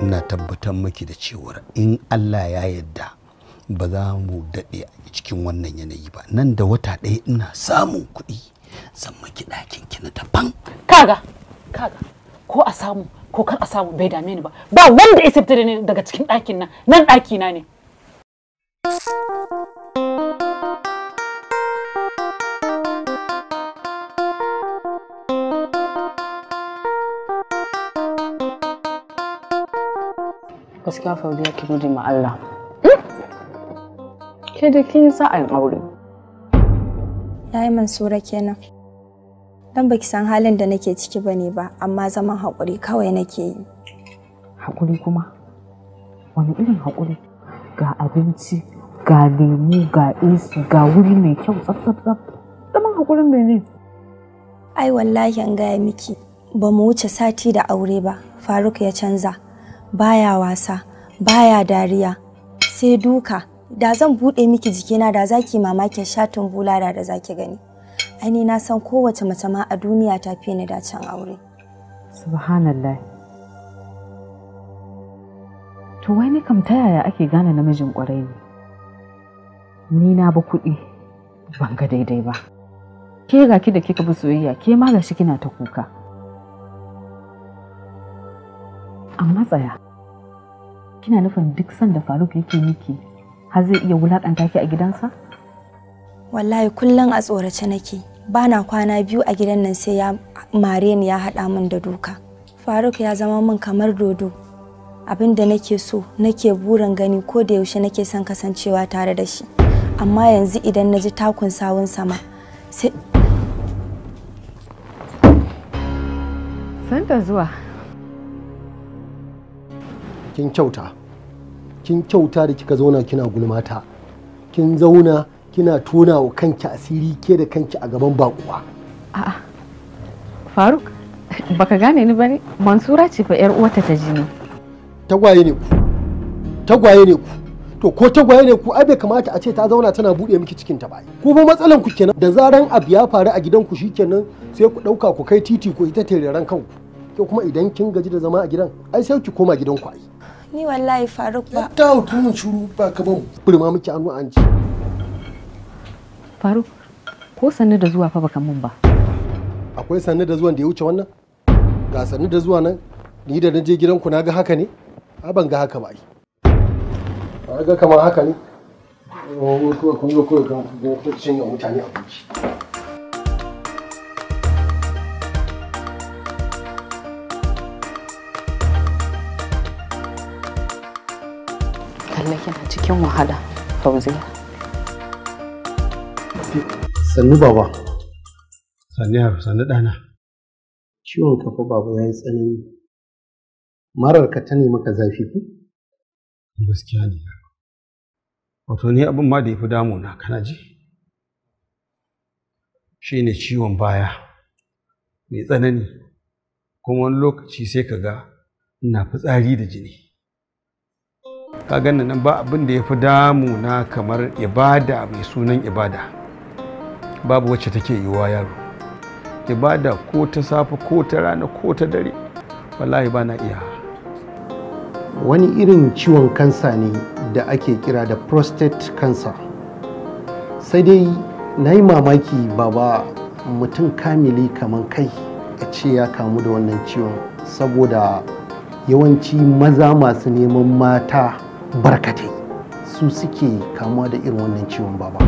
ina tabbatar maki da cewar in allah ya yadda ba za mu daɗe cikin wannan yanayi ba nan da wata ɗaya ina samun kuɗi zan maki ɗakin kina daban kaga kaga ko a samu ko kan a samu bai dame ni ba ba wanda ya da ni daga cikin ɗakin nan nan ɗakina ne gaskiya faudiya ki gode ma Allah hmm? ke da kin sa'an aure yayi mansura kenan dan baki san halin da nake ciki bane ba amma zaman haƙuri kawai nake yi haƙuri kuma wani irin haƙuri ga abinci ga lemu ga isi ga wuri mai kyau tsaf zaman haƙurin mene ai wallahi an gaya miki ba mu wuce sati da aure ba faruk ya canza baya wasa baya dariya sai duka da zan buɗe miki jikina da zaki mamakin shatin bulala da zaki gani aini na san kowace mace ma a duniya ta fi ni dacen aure subhanallah to wai ni kam ta yaya ake gane namijin ƙwarai ne ni na ba kuɗi ban ga daidai ba ke ga ki da kika bi soyayya ke ma gashi kina ta kuka amma tsaya kina nufin duk sanda faruk yake miki har zai iya wulakanta ki a gidansa wallahi kullum a tsorace nake bana kwana biyu a gidan nan sai ya mare ni ya haɗa min da doka faruk ya zama min kamar dodo abin da nake so nake burin gani ko da yaushe nake son kasancewa tare da shi amma yanzu idan na ji takun sawun sama sai santa zuwa kin kyauta kin kyauta da kika zauna kina gulmata kin zauna kina tona wa kanki asiri ke da kanki a gaban bakuwa a'a faruk baka gane ni bane mansura ce fa yar uwata ta jini tagwaye ne ku tagwaye ne ku to ko tagwaye ne ku ai bai kamata a ce ta zauna tana bude miki cikin ta bai ku fa matsalan ku kenan da zaran abu ya faru a gidan ku shikenan sai ku dauka ku kai titi ku ita tare ran kanku ko kuma idan kin gaji da zama a gidan ai sai ki koma gidan ku ai Ni wallahi Faruk ba. Ta hutu mun shuru ba ka ban. ma miki anu an ci. Faruk, ko sanne da zuwa fa baka mun ba. Akwai sanne da zuwan da ya wuce wannan? Ga sanne da zuwa nan, ni da na je gidanku na ga haka ne? A ban ga haka ba ai. ga kamar haka ne? ko Kun zo kawai kan cikin mutane abinci. kina cikin wahala fauzi sannu baba sannu yaro sannu ɗana ciwon kafa baba ya yi tsanani marar ka ta ka zafi ku gaskiya ne wato ni abin ma da ya fi damuna kana ji shi ne ciwon baya mai tsanani kuma wani lokaci sai ka ga ina fitsari da jini ka gani nan ba abin da ya fi damu na kamar ibada mai sunan ibada babu wacce take yiwa yaro ibada ko ta safe ko ta rana ko ta dare wallahi ba na iya wani irin ciwon kansa ne da ake kira da prostate cancer sai dai na yi mamaki baba mutum kamili kamar kai a ce ya kamu da wannan ciwon saboda yawanci maza masu neman mata barkatai su suke kamuwa da irin wannan ciwon baba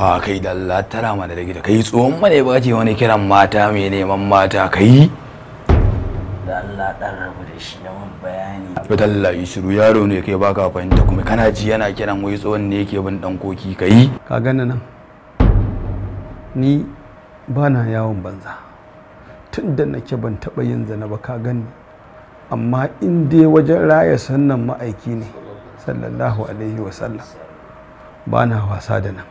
a kai da Allah tara mana da gida kai tsohon mane ba ce wani kiran mata mai neman mata kai da Allah dan rabu da shi na mun bayani ba Allah yi shiru yaro ne kai baka fahimta kuma kana ji yana kiran wai tsohon ne yake bin dan koki kai ka ganna nan ni ba na yawon banza tunda da nake ban taba yin zana ba ka ganni amma in dai wajen raya sannan ma'aiki ne sallallahu alaihi wasallam ba na wasa da nan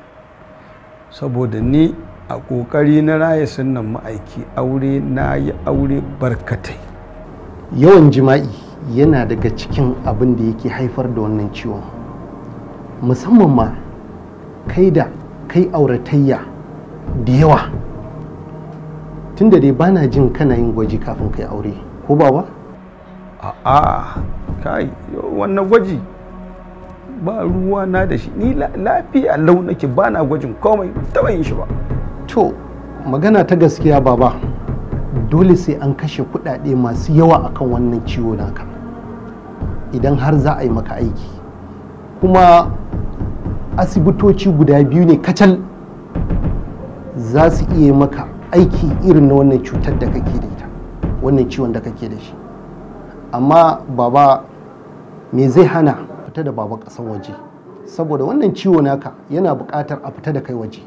saboda ni a ƙoƙari na raya sunan ma'aiki aure na yi aure barkatai yawan jima'i yana daga cikin abin da yake haifar da wannan ciwon musamman ma kai da kai auratayya da yawa tunda dai bana jin kana yin gwaji kafin kai aure ko ba ba a'a kai wannan gwaji ba ruwa na da shi ni lafiya lau nake ba na gwajin komai taba yin shi ba to magana ta gaskiya baba dole sai an kashe kuɗaɗe masu yawa akan wannan ciwo naka idan har za a yi maka aiki kuma asibitoci guda biyu ne kacal za su iya maka aiki irin na wannan cutar da kake da ita wannan ciwon da kake da shi amma baba me zai hana fita da baba waje saboda wannan ciwo naka yana buƙatar a fita da kai waje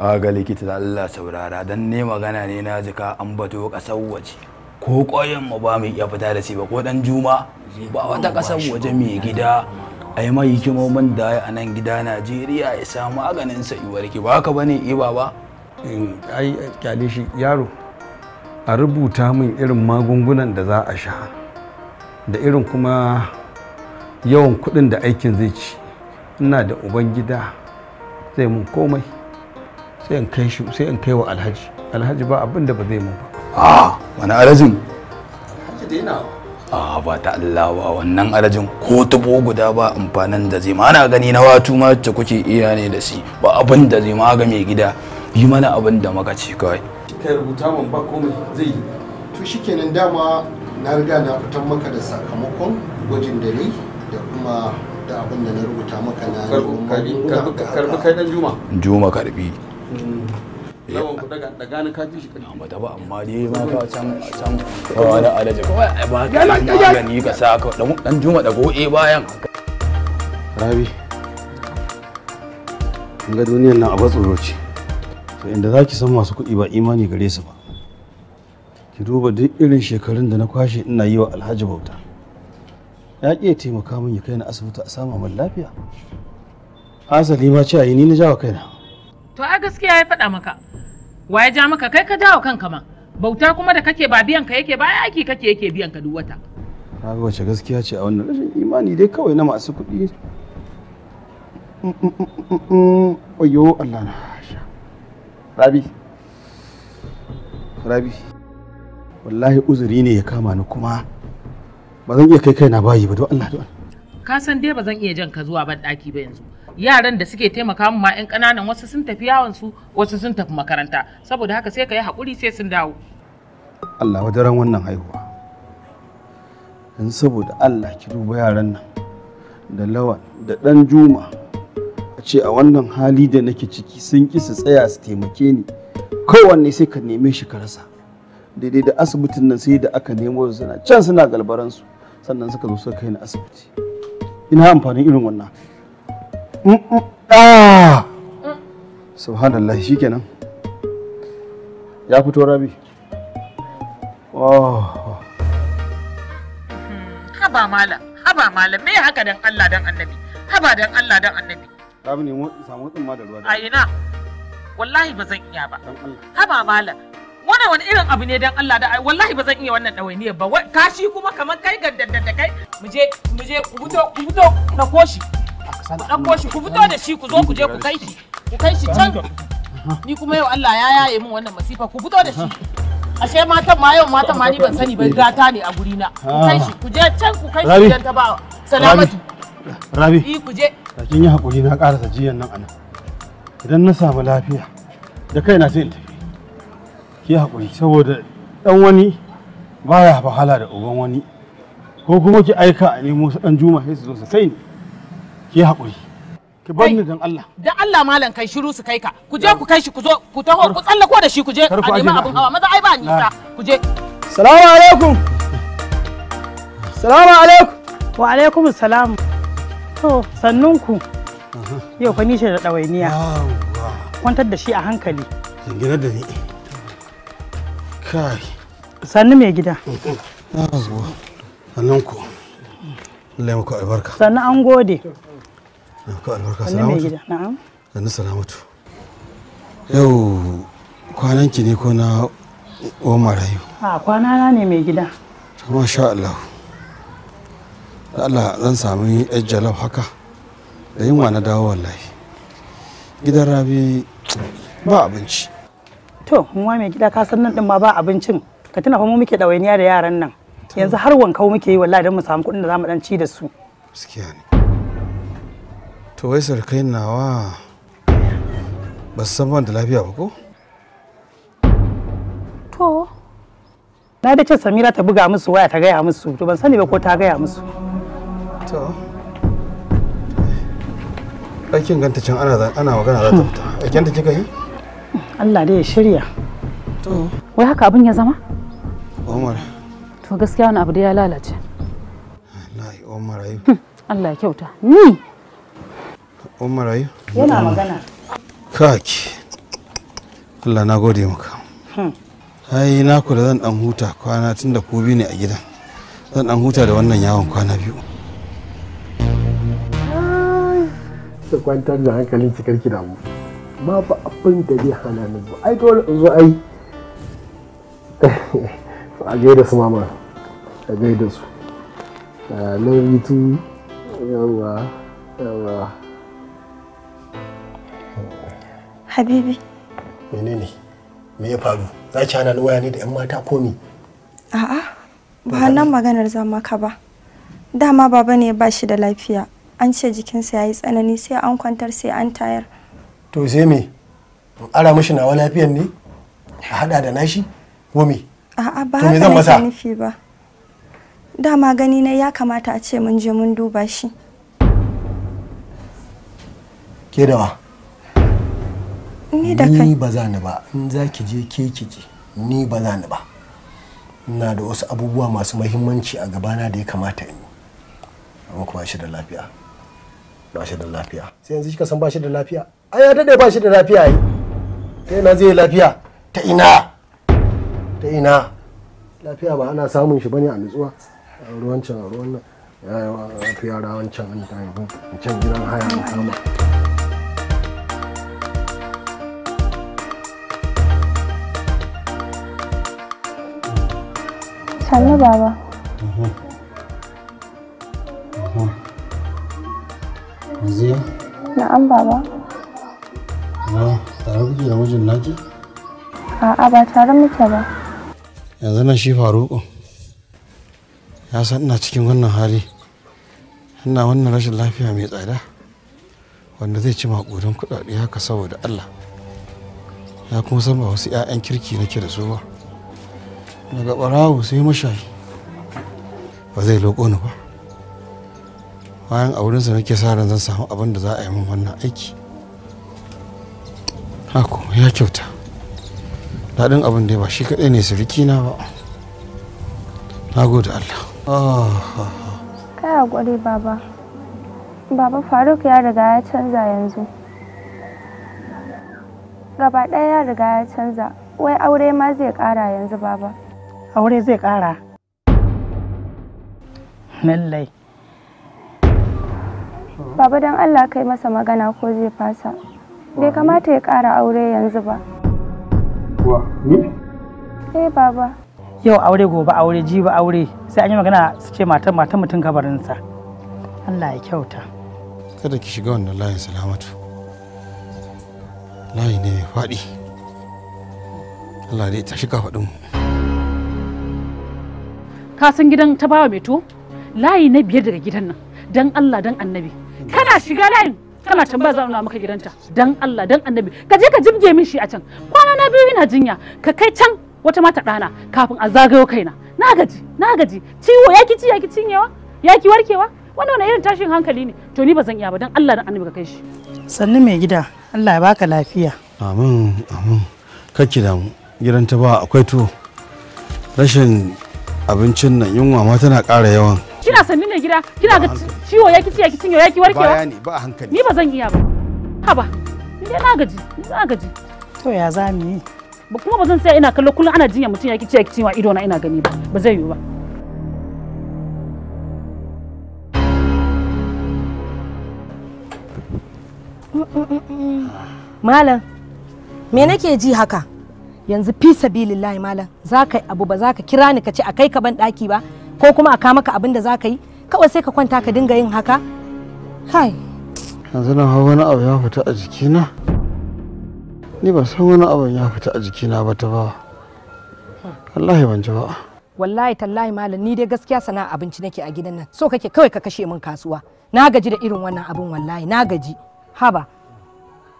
a ga likita da Allah saurara dan ne magana ne na jika an bato ƙasar waje ko ƙoyin mu ba mu iya fita da shi ba ko dan juma ba wata ƙasar waje mai gida ai mai hikimomin da a nan gida Najeriya ya samu maganin sa warki ba haka bane iba ba eh, ai kyale shi yaro a rubuta min irin magungunan da za a sha da irin kuma yawan kuɗin da aikin zai ci ina da uban gida zai mun komai sai in kai shi sai in kai wa alhaji alhaji ba abin da ba zai mun ba a wani arajin alhaji da yana a ba ta Allah ba wannan arajin ko tubo guda ba amfanin da zai ma ana gani na watu ma ce kuke iya ne da shi ba abin da zai ma ga mai gida yi mana abin da muka ce kawai kai rubuta mun ba komai zai yi to shikenan dama na riga na fitan maka da sakamakon gwajin da ni kuma da abin da na rubuta maka na karbi kai juma juma karbi yawan hmm. ku daga shi rabi ga duniyar nan abu tsoro ce to inda zaki san masu kuɗi ba imani gare su ba ki duba duk irin shekarun da na kwashe ina yi wa alhaji bauta ya ƙi taimaka min ya kai na asibiti a samu mun lafiya asali ma ce ni na jawa kaina to a gaskiya ya faɗa maka wa ya ja maka kai ka dawo kanka ma bauta kuma da kake ba biyan ka yake ba aiki kake yake biyan ka duk wata na ga wace gaskiya ce a wannan rashin imani dai kawai na masu kuɗi oyo Allah na rabi rabi wallahi uzuri ne ya kama ni kuma ba zan iya kai kaina bayi ba don Allah don ka san dai ba zan iya jan ka zuwa ban daki ba yanzu yaran da suke taimaka min ma yan kananan wasu sun tafi yawon su wasu sun tafi makaranta saboda haka sai ka yi hakuri sai sun dawo Allah wadaran wannan haihuwa dan saboda Allah ki duba yaran nan da lawan da dan juma a ce a wannan hali da nake ciki sun ki su tsaya su taimake ni kowanne sai ka neme shi ka rasa daidai da asibitin nan sai da aka nemo su suna can suna galbaransu sannan suka zo suka kai ni asibiti ina amfanin irin wannan mm, mm, ah! subhanallah kenan ya fito rabi oh. haba malam haba mala me haka dan Allah dan annabi haba dan Allah dan annabi rabi ne samu tsumma da ruwa a ina wallahi ba zan iya ba haba malam wannan wani irin abu ne dan Allah da wallahi ba zan iya wannan ɗawainiyar ba kashi kuma kamar kai ga da kai mu je mu je ku fito ku fito na koshi na koshi ku fito da shi ku zo ku je ku kai shi ku kai shi can ni kuma yau Allah ya yaye min wannan masifa ku fito da shi ashe matan ma yau matan ma ni ban sani ba gata ne a guri na ku ah. kai shi ku je can ku kai shi dan ta ba salamatu rabi eh ku je kin yi hakuri na karasa jiyan nan anan idan na samu lafiya da kaina sai in tafi ki haƙuri saboda ɗan wani baya wahala da uban wani ko kuma ki aika a nemo su ɗan juma sai su zo su kai ni ki haƙuri ki bar ni dan Allah dan Allah malam kai shiru su kai ka ku je ku kai shi ku zo ku taho ku ko da shi ku je a nemi abun hawa maza ai ba nisa ku je salamu alaikum salamu alaikum wa alaikum salam to sannunku yau fa nishe da ɗawainiya kwantar da shi a hankali jinginar da ni kai sannu mai gida sannan ku Allah muku albarka sannu an gode muku albarka salamatu sannu salamatu yau kwanan ki ne ko na omar rayu a kwana na ne mai gida sha Allah Allah zan sami yan jalaf haka da yin wa na dawo wallahi gidan rabi ba abinci to mu mai gida ka san nan din ma ba abincin ka tuna fa mu muke dawainiya da yaran nan yanzu har wankau muke yi wallahi don mu samu kuɗin da zamu dan ci da su gaskiya ne to wai sarkai nawa ba san ban da lafiya ba ko to na da ce samira ta buga musu waya ta gaya musu to ban sani ba ko ta gaya musu to aikin ganta can ana magana za ta fita aikin da kika yi Allah dai ya shirya. To. Wai haka abin ya zama? Umar. To gaskiya wani abu da ya lalace. Wallahi Umar ayu. Hm, Allah ya kyauta. Ni. Umar ayu. Yana magana. Kaki. Allah na gode maka. Hm. Ai na kula zan dan huta kwana tunda ku bi ne a gidan. Zan dan huta da wannan yawon kwana biyu. ta kwantar da hankalin ki karki damu. ma fa abin da zai hana ni ba ai dole in zo ai a gaida su mama a gaida su a you yawa yawa habibi menene me ya faru za ki hana ni waya ne da yan mata ko me a'a ba nan maganar zama ka ba dama baba ne ba shi da lafiya an ce jikinsa ya yi tsanani sai an kwantar sai an tayar to sai me ara mishi nawa lafiyan ne a hada da nashi ko me a'a ba zan masa nufi ba dama gani na ya kamata a ce mun je mun duba shi ke wa ni da kai ni ba za ni ba in za ki je ke ki je ni ba za ni ba ina da wasu abubuwa masu mahimmanci a gabana da ya kamata in amma kuma shi da lafiya ba shi da lafiya sai yanzu kika san ba shi da lafiya ai ya dade ba shi da lafiya yi ta ina zai lafiya ta ina ta ina lafiya ba ana samun shi bane a nutsuwa a ruwan can a ruwan nan ya yi lafiya rawan can an ta yi can gidan haya an kama sannu baba Na'am baba. tare kuke da mijin naki a'a ba tare muke ba yanzu nan shi faruku ya san ina cikin wannan hali ina wannan rashin lafiya mai tsada wanda zai ci maƙudan kuɗaɗe haka saboda allah ya kuma san ba wasu 'ya'yan kirki nake da su ba daga ɓarawo sai mashayi ba zai loko ni ba bayan a wurinsa nake sa ran zan samu abin da za a yi min wannan aiki Ako ya kyauta. Daɗin abin da ba shi kaɗai ne sirikina ba. Na gode Allah. Kaya gwari baba. Baba Faruk ya riga ya canza yanzu. Gaba ɗaya ya riga ya canza. Wai aure ma zai ƙara yanzu baba. Aure zai ƙara. Lallai. Baba don Allah kai masa magana ko zai fasa. bai kamata ya ƙara aure yanzu ba. Wa, ni? Eh, baba. Yau aure gobe aure jibi aure sai an yi magana su ce matan matan mutum kabarinsa. Allah ya kyauta. Kada ki shiga wannan layin salamatu. Layi ne mai faɗi. Allah dai ta shiga faɗin mu. Ka san gidan bawa mai to? Layi na biyar daga gidan nan. Dan Allah dan annabi. Kana shiga layin kana can ba za nuna maka gidanta dan Allah dan annabi ka je ka jibge min shi a can kwana na biyu ina jinya ka kai can wata mata ɗana kafin a zagayo kaina na gaji na gaji ciwo ya ki ci ya ki cinyewa ya ki warkewa wanda wani irin tashin hankali ne to ni ba zan iya ba dan Allah dan annabi ka kai shi sannu mai gida Allah ya baka lafiya amin amin kake damu gidan ta ba akwai tuwo rashin abincin nan yunwa ma tana ƙara yawan kina sanni ne gida kina ga ciwo ya kici ya cinye ya ki warkewa bayani ba hankali ni ba zan iya ba haba ni dai na gaji ni na gaji to ya za mu yi ba kuma ba zan sai ina kallo kullum ana jinya mutum ya kici ya cinye wa ido na ina gani ba ba zai yiwu ba Malam, me nake ji haka? Yanzu fi sabilillahi malam, za ka abu ba za ka kira ni ka ce a kai ka ban daki ba, ko kuma a kama ka abin da za ka yi kawai sai ka kwanta ka dinga yin haka kai yanzu nan hau wani abu ya fita a jikina ni ba san wani abu ya fita a jikina ba ta ba wallahi ban ji ba wallahi tallahi malam ni dai gaskiya sana abinci nake a gidan nan so kake kawai ka kashe min kasuwa na gaji da irin wannan abin wallahi na gaji haba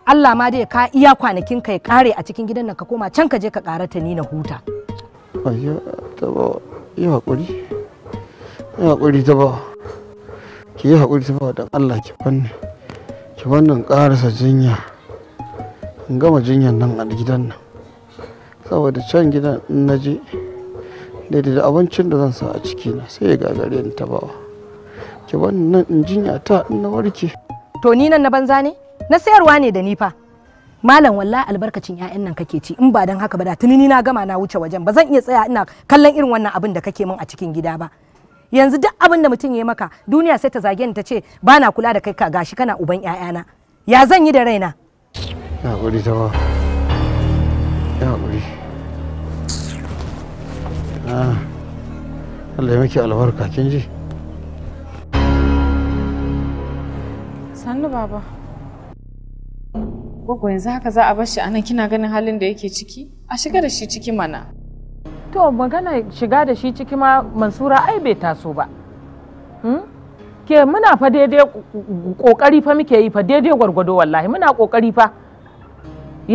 Allah ma dai ka iya kwanakin ka ya kare a cikin gidan nan ka koma can ka je ka karata ni na huta ayyo ta ba yi hakuri yi haƙuri ta ba ki yi haƙuri ta ba don allah ki fanni ki wannan ƙarasa jinya in gama jinyan nan a gidan nan saboda can gidan in na je daidai da abincin da zan sa a ciki na sai ya gagare ni ta bawa ki wannan nan in jinya ta in na warke to ni nan na banza ne na sayarwa ne da ni fa malam walla albarkacin ƴaƴan nan kake ci in ba dan haka ba da tuni ni na gama na wuce wajen ba zan iya tsaya ina kallon irin wannan abin da kake min a cikin gida ba yanzu duk abin da mutum ya yi maka duniya sai ta zage ni ta ce ba na kula da kai ka gashi kana uban ƴaƴana ya zan yi da raina ya hakuri ta ba ya hakuri ah, Allah ya miki albarka kin ji sannu baba Gogo yanzu haka za a bar shi anan kina ganin halin da yake ciki a shiga da shi ciki mana to magana shiga da shi ciki ma mansura ai bai taso ba hmm? ke muna fa daidai kokari fa muke yi fa daidai gwargwado wallahi muna kokari fa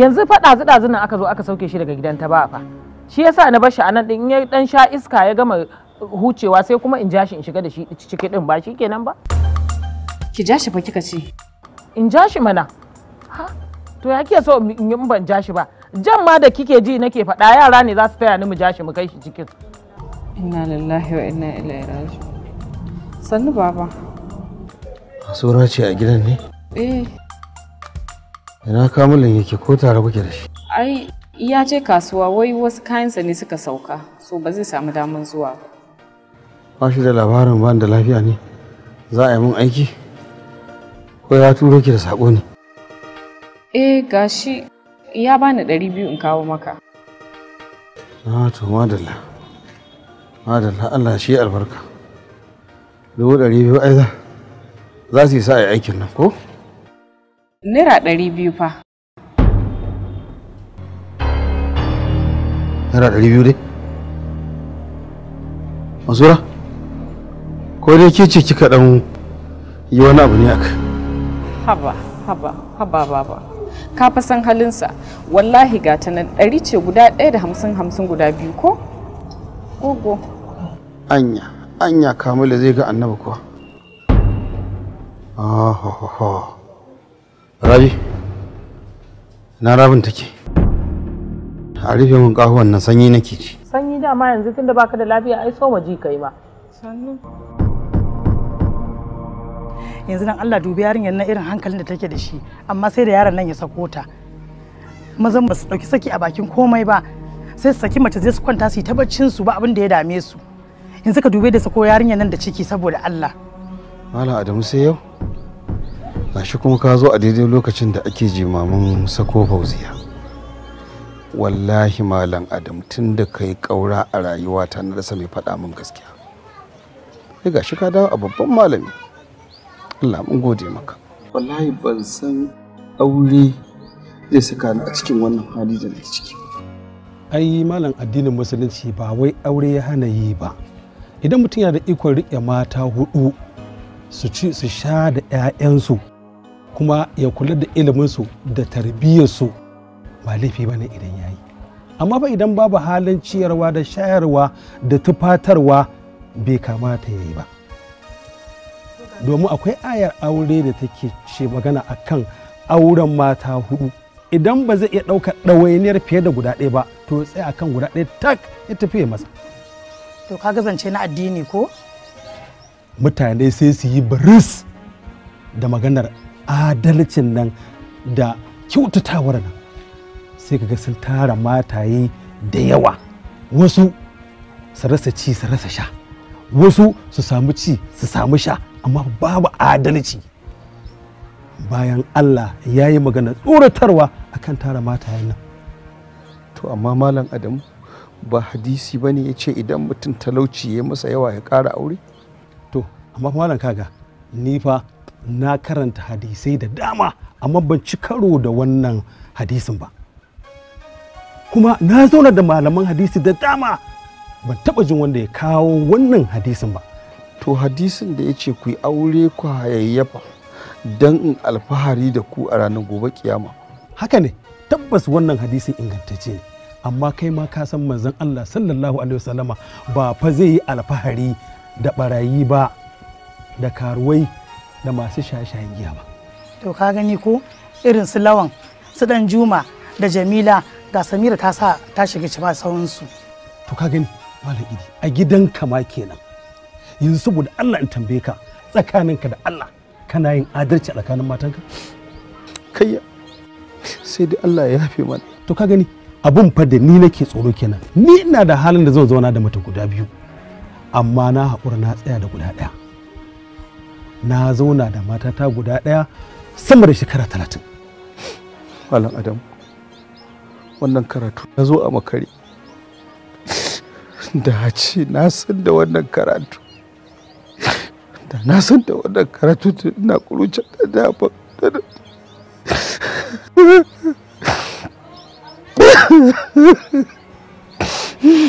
yanzu fa ɗazu ɗazu nan aka zo aka sauke shi daga gidan ta ba fa shi yasa na bashi anan din ya dan sha iska ya gama hucewa sai kuma in ja shi in shiga da shi ciki din ba shi kenan ba ki ja shi fa kika ce in ja shi mana ha to ya ke so in ban ja shi ba jan ma da kike ji nake faɗa yara ne za su taya ni mu ja shi mu kai shi cikin inna lillahi wa inna ilaihi raji sannu baba A sura ce a gidan ne eh ina kamulin yake ko tare kuke da shi ai ya ce kasuwa wai wasu kayansa ne suka sauka so ba zai samu damar zuwa ba ba shi da labarin ban da lafiya ne za a yi mun aiki ko ya turo ki da sako ne eh gashi ya bani ɗari biyu in kawo maka. Na ah, to madalla. Madalla Allah shi albarka. Dubu ɗari biyu aiza za su yi sa a aikin nan ko? Naira ɗari biyu fa. Naira ɗari biyu dai? Masura? Ko dai ke ce kika ɗan yi wani abu ne aka? Haba, haba, haba, baba. ka fa san halinsa wallahi ga ta nan ɗari ce guda ɗaya da hamsin hamsin guda biyu ko gogo anya anya kamila zai ga annabi kuwa ah, rabi na rabin take a rufe mun kahuwan nan sanyi nake ci sanyi dama yanzu tunda baka da lafiya ai so waje kai ba sannu yanzu nan Allah dubi yarinyar nan irin hankalin da take da shi amma sai da yaron nan ya sako ta mazan ba su dauki saki a bakin komai ba sai su saki mace zai su kwanta su yi ta baccin su ba abin da ya dame su yanzu ka dube da sako yarinyar nan da ciki saboda Allah Malam Adamu sai yau gashi kuma ka zo a daidai lokacin da ake jimamin sako fauziya wallahi malam adam tun da kai kaura a rayuwa ta na rasa mai faɗa min gaskiya sai gashi ka dawo a babban malami Allah mun gode maka wallahi ban san aure zai saka ni a cikin wannan hali da nake ciki ai malam addinin musulunci ba wai aure ya hana yi ba idan mutum yana da ikon riƙe mata hudu su ci su sha da 'ya'yansu kuma ya kula da iliminsu da tarbiyyarsu ba laifi ba idan yayi amma ba idan babu halin ciyarwa da shayarwa da tufatarwa bai kamata ya yi ba domin akwai ayar aure da take ce magana akan auren mata hudu idan ba zai iya ɗaukar ɗawainiyar fiye da guda ɗaya ba to a akan guda ɗaya tak ya tafi ya masa to ka gazance na addini ko mutane sai su yi baris da maganar adalcin nan da kyautatawar nan sai ka ga sun tara mataye da yawa wasu su rasa ci su rasa sha wasu su samu ci su samu sha amma babu adalci bayan Allah ya yi magana tsoratarwa a kan tara mata nan to amma malam adamu ba hadisi ba ne ya ce idan mutum talauci ya masa yawa ya ƙara aure to amma malam kaga ni fa na karanta hadisai da dama amma ban ci karo da wannan hadisin ba kuma na zauna da malaman hadisi da dama ban taɓa jin wanda ya kawo wannan hadisin ba to hadisin da ya ce ku yi aure ku hayayyafa don in alfahari da ku a ranar gobe kiyama haka ne tabbas wannan hadisin ingantacce ne amma kai ma ka san manzon Allah sallallahu alaihi wasallama ba fa zai yi alfahari da barayi ba da karuwai da masu shaye-shayen giya ba to ka gani ko irin su lawan su dan juma da jamila ga samira ta sa ta shiga ci ba sauransu to ka gani malam idi a ka ma kenan yanzu saboda Allah in tambaye ka tsakaninka da Allah kana yin adalci a tsakanin matanka kayya sai dai Allah ya yafe mana to ka gani abun fa da ni nake tsoro kenan ni ina da halin da zan zauna da mata guda biyu amma na haƙura na tsaya da guda ɗaya na zauna da matata guda ɗaya sama da shekara talatin malam adam wannan karatu na zo a makare da ce na san da wannan karatu da na san da wannan karatu da ina kurucin da da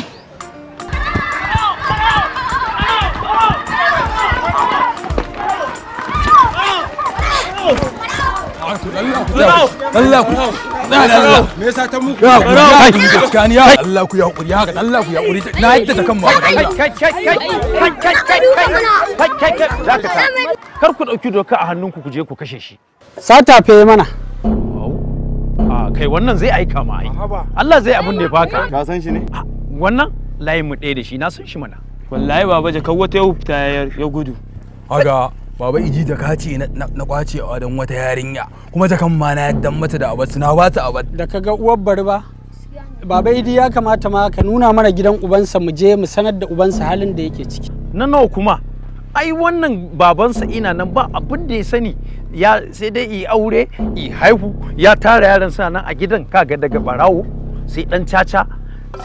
Allah ku Allah kar ku doka a hannunku ku je ku kashe shi sata fe mana kai wannan zai aika ma Allah zai abin da ya baka wannan layin mu ɗaya da shi na san shi mana wallahi baba jaka wata ya fita ya gudu baba iji jaka ce na kwacewa don wata yarinya kuma jakan ma na yadda mata da abat na ba ta da ga uwar bari ba baba idi ya kamata ma ka nuna mana gidan ubansa mu je mu sanar da ubansa halin da yake ciki na nawa kuma ai wannan babansa ina nan ba abin da ya sani ya sai dai i aure i haihu ya tara yaran sa nan a gidan kaga daga barawo sai dan caca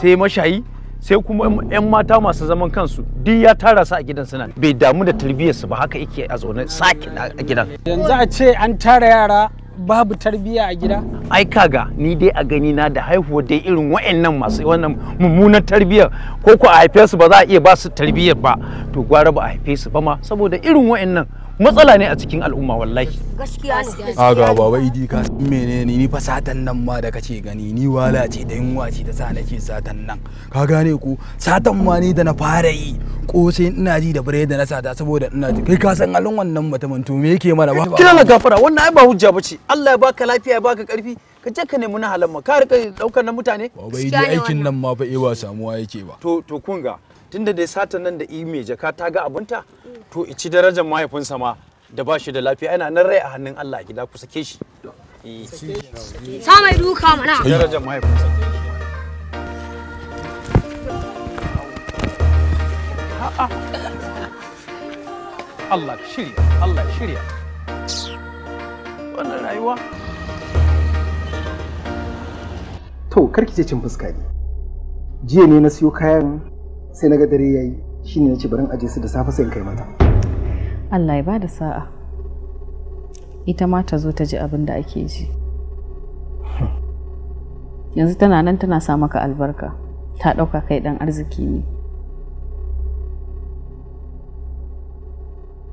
sai mashayi sai kuma 'yan mata masu zaman kansu duk ya tara su a gidan suna bai damu da tarbiyyarsu ba haka yake a zaune sakin a gidan yanzu a ce an tara yara babu tarbiyya a gida ai kaga ni dai a gani na da haihuwa dai irin wa'annan masu wannan mummunan tarbiyya ko ko a haife su ba za a iya ba su tarbiyyar ba to gwara ba a haife su ba ma saboda irin wa'annan matsala ne a cikin al'umma wallahi gaskiya ne a ga baba idi ka menene ni fa satan nan ma da kace gani ni wala ce da yunwa ce ta sa nake satan nan ka gane ku. satan ma ni da na fara yi ko sai ina ji da biredi na sata saboda ina ji kai ka san alun wannan mutumin to me yake mana ba kina na gafara wannan ai ba hujja bace Allah ya baka lafiya ya baka karfi ka je ka nemi na halamma ka rika daukar na mutane baba idi aikin nan ma fa ewa eh, samuwa yake ba to to kun ga tunda dai satan nan da i mai jaka ta ga abunta to ici darajar mahaifinsa ma da ba shi da lafiya ana nan rai a hannun Allah gida ku sake shi eh. sa mai duka mana darajar mahaifinsa Allah shirya Allah shirya wannan rayuwa to karki ce cin fuska ne jiya ne na siyo kayan sai naga dare yayi shine nace bari aje su da safe sai in kai mata Allah ya bada sa'a ita ma ta zo ta ji abin da ake ji yanzu tana nan tana sa maka albarka ta ɗauka kai ɗan arziki ne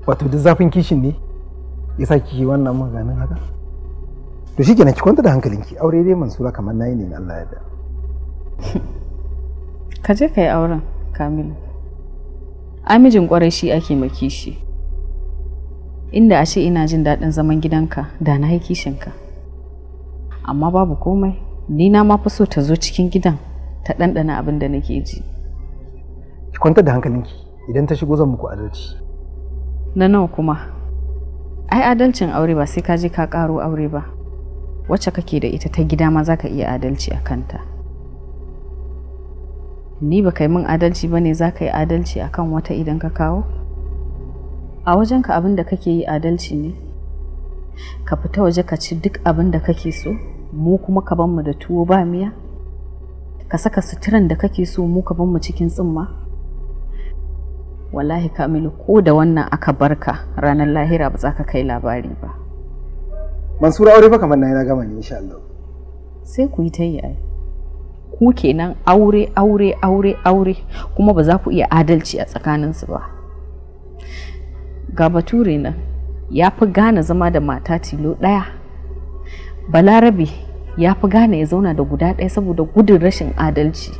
wato duk zafin kishin ne ya sa kike wannan maganin haka to shi ki kwanta da hankalinki aure dai mansura kamar nayi ne Allah ya da ka je ka yi auren Kamilu. mijin kwarai shi ake maki shi. Inda ashe ina jin daɗin zaman gidanka da na yi ka. Amma babu komai, ni na ma so ta zo cikin gidan ta ɗanɗana abin da nake ji. Ki kwanta da hankalinki idan ta shigo zan muku adalci. Na nawa kuma, ai adalcin aure ba sai ka je ka ƙaro aure ba, wacce kake da ita ta gida ma za ka iya adalci a kanta. ni ba kai min adalci ba ne za ka yi adalci a kan wata idan ka kawo a wajenka abin da kake yi adalci ne ka fita waje ka ci duk abin da kake so mu kuma ka mu da tuwo ba miya ka saka suturan da kake so mu ka mu cikin tsumma wallahi kamilu ko da wannan aka barka ranar lahira ba za ka kai labari ba mansura aure fa kamar na gama ne insha Allah sai ku yi ta yi ai ku kenan aure aure aure aure kuma ba za ku iya adalci a tsakaninsu ba ga bature nan ya fi gane zama da mata tilo ɗaya balarabi ya fi gane ya zauna da guda ɗaya saboda gudun rashin adalci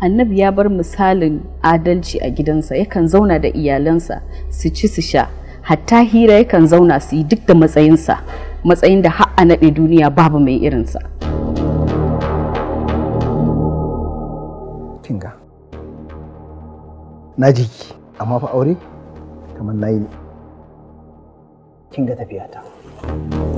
annabi ya bar misalin adalci a gidansa yakan zauna da iyalansa su ci su sha hatta hira yakan zauna su yi duk da matsayinsa matsayin da har a naɗe duniya babu mai irinsa. na jiki amma fa aure kamar layi ne kin ga tafiyata. ta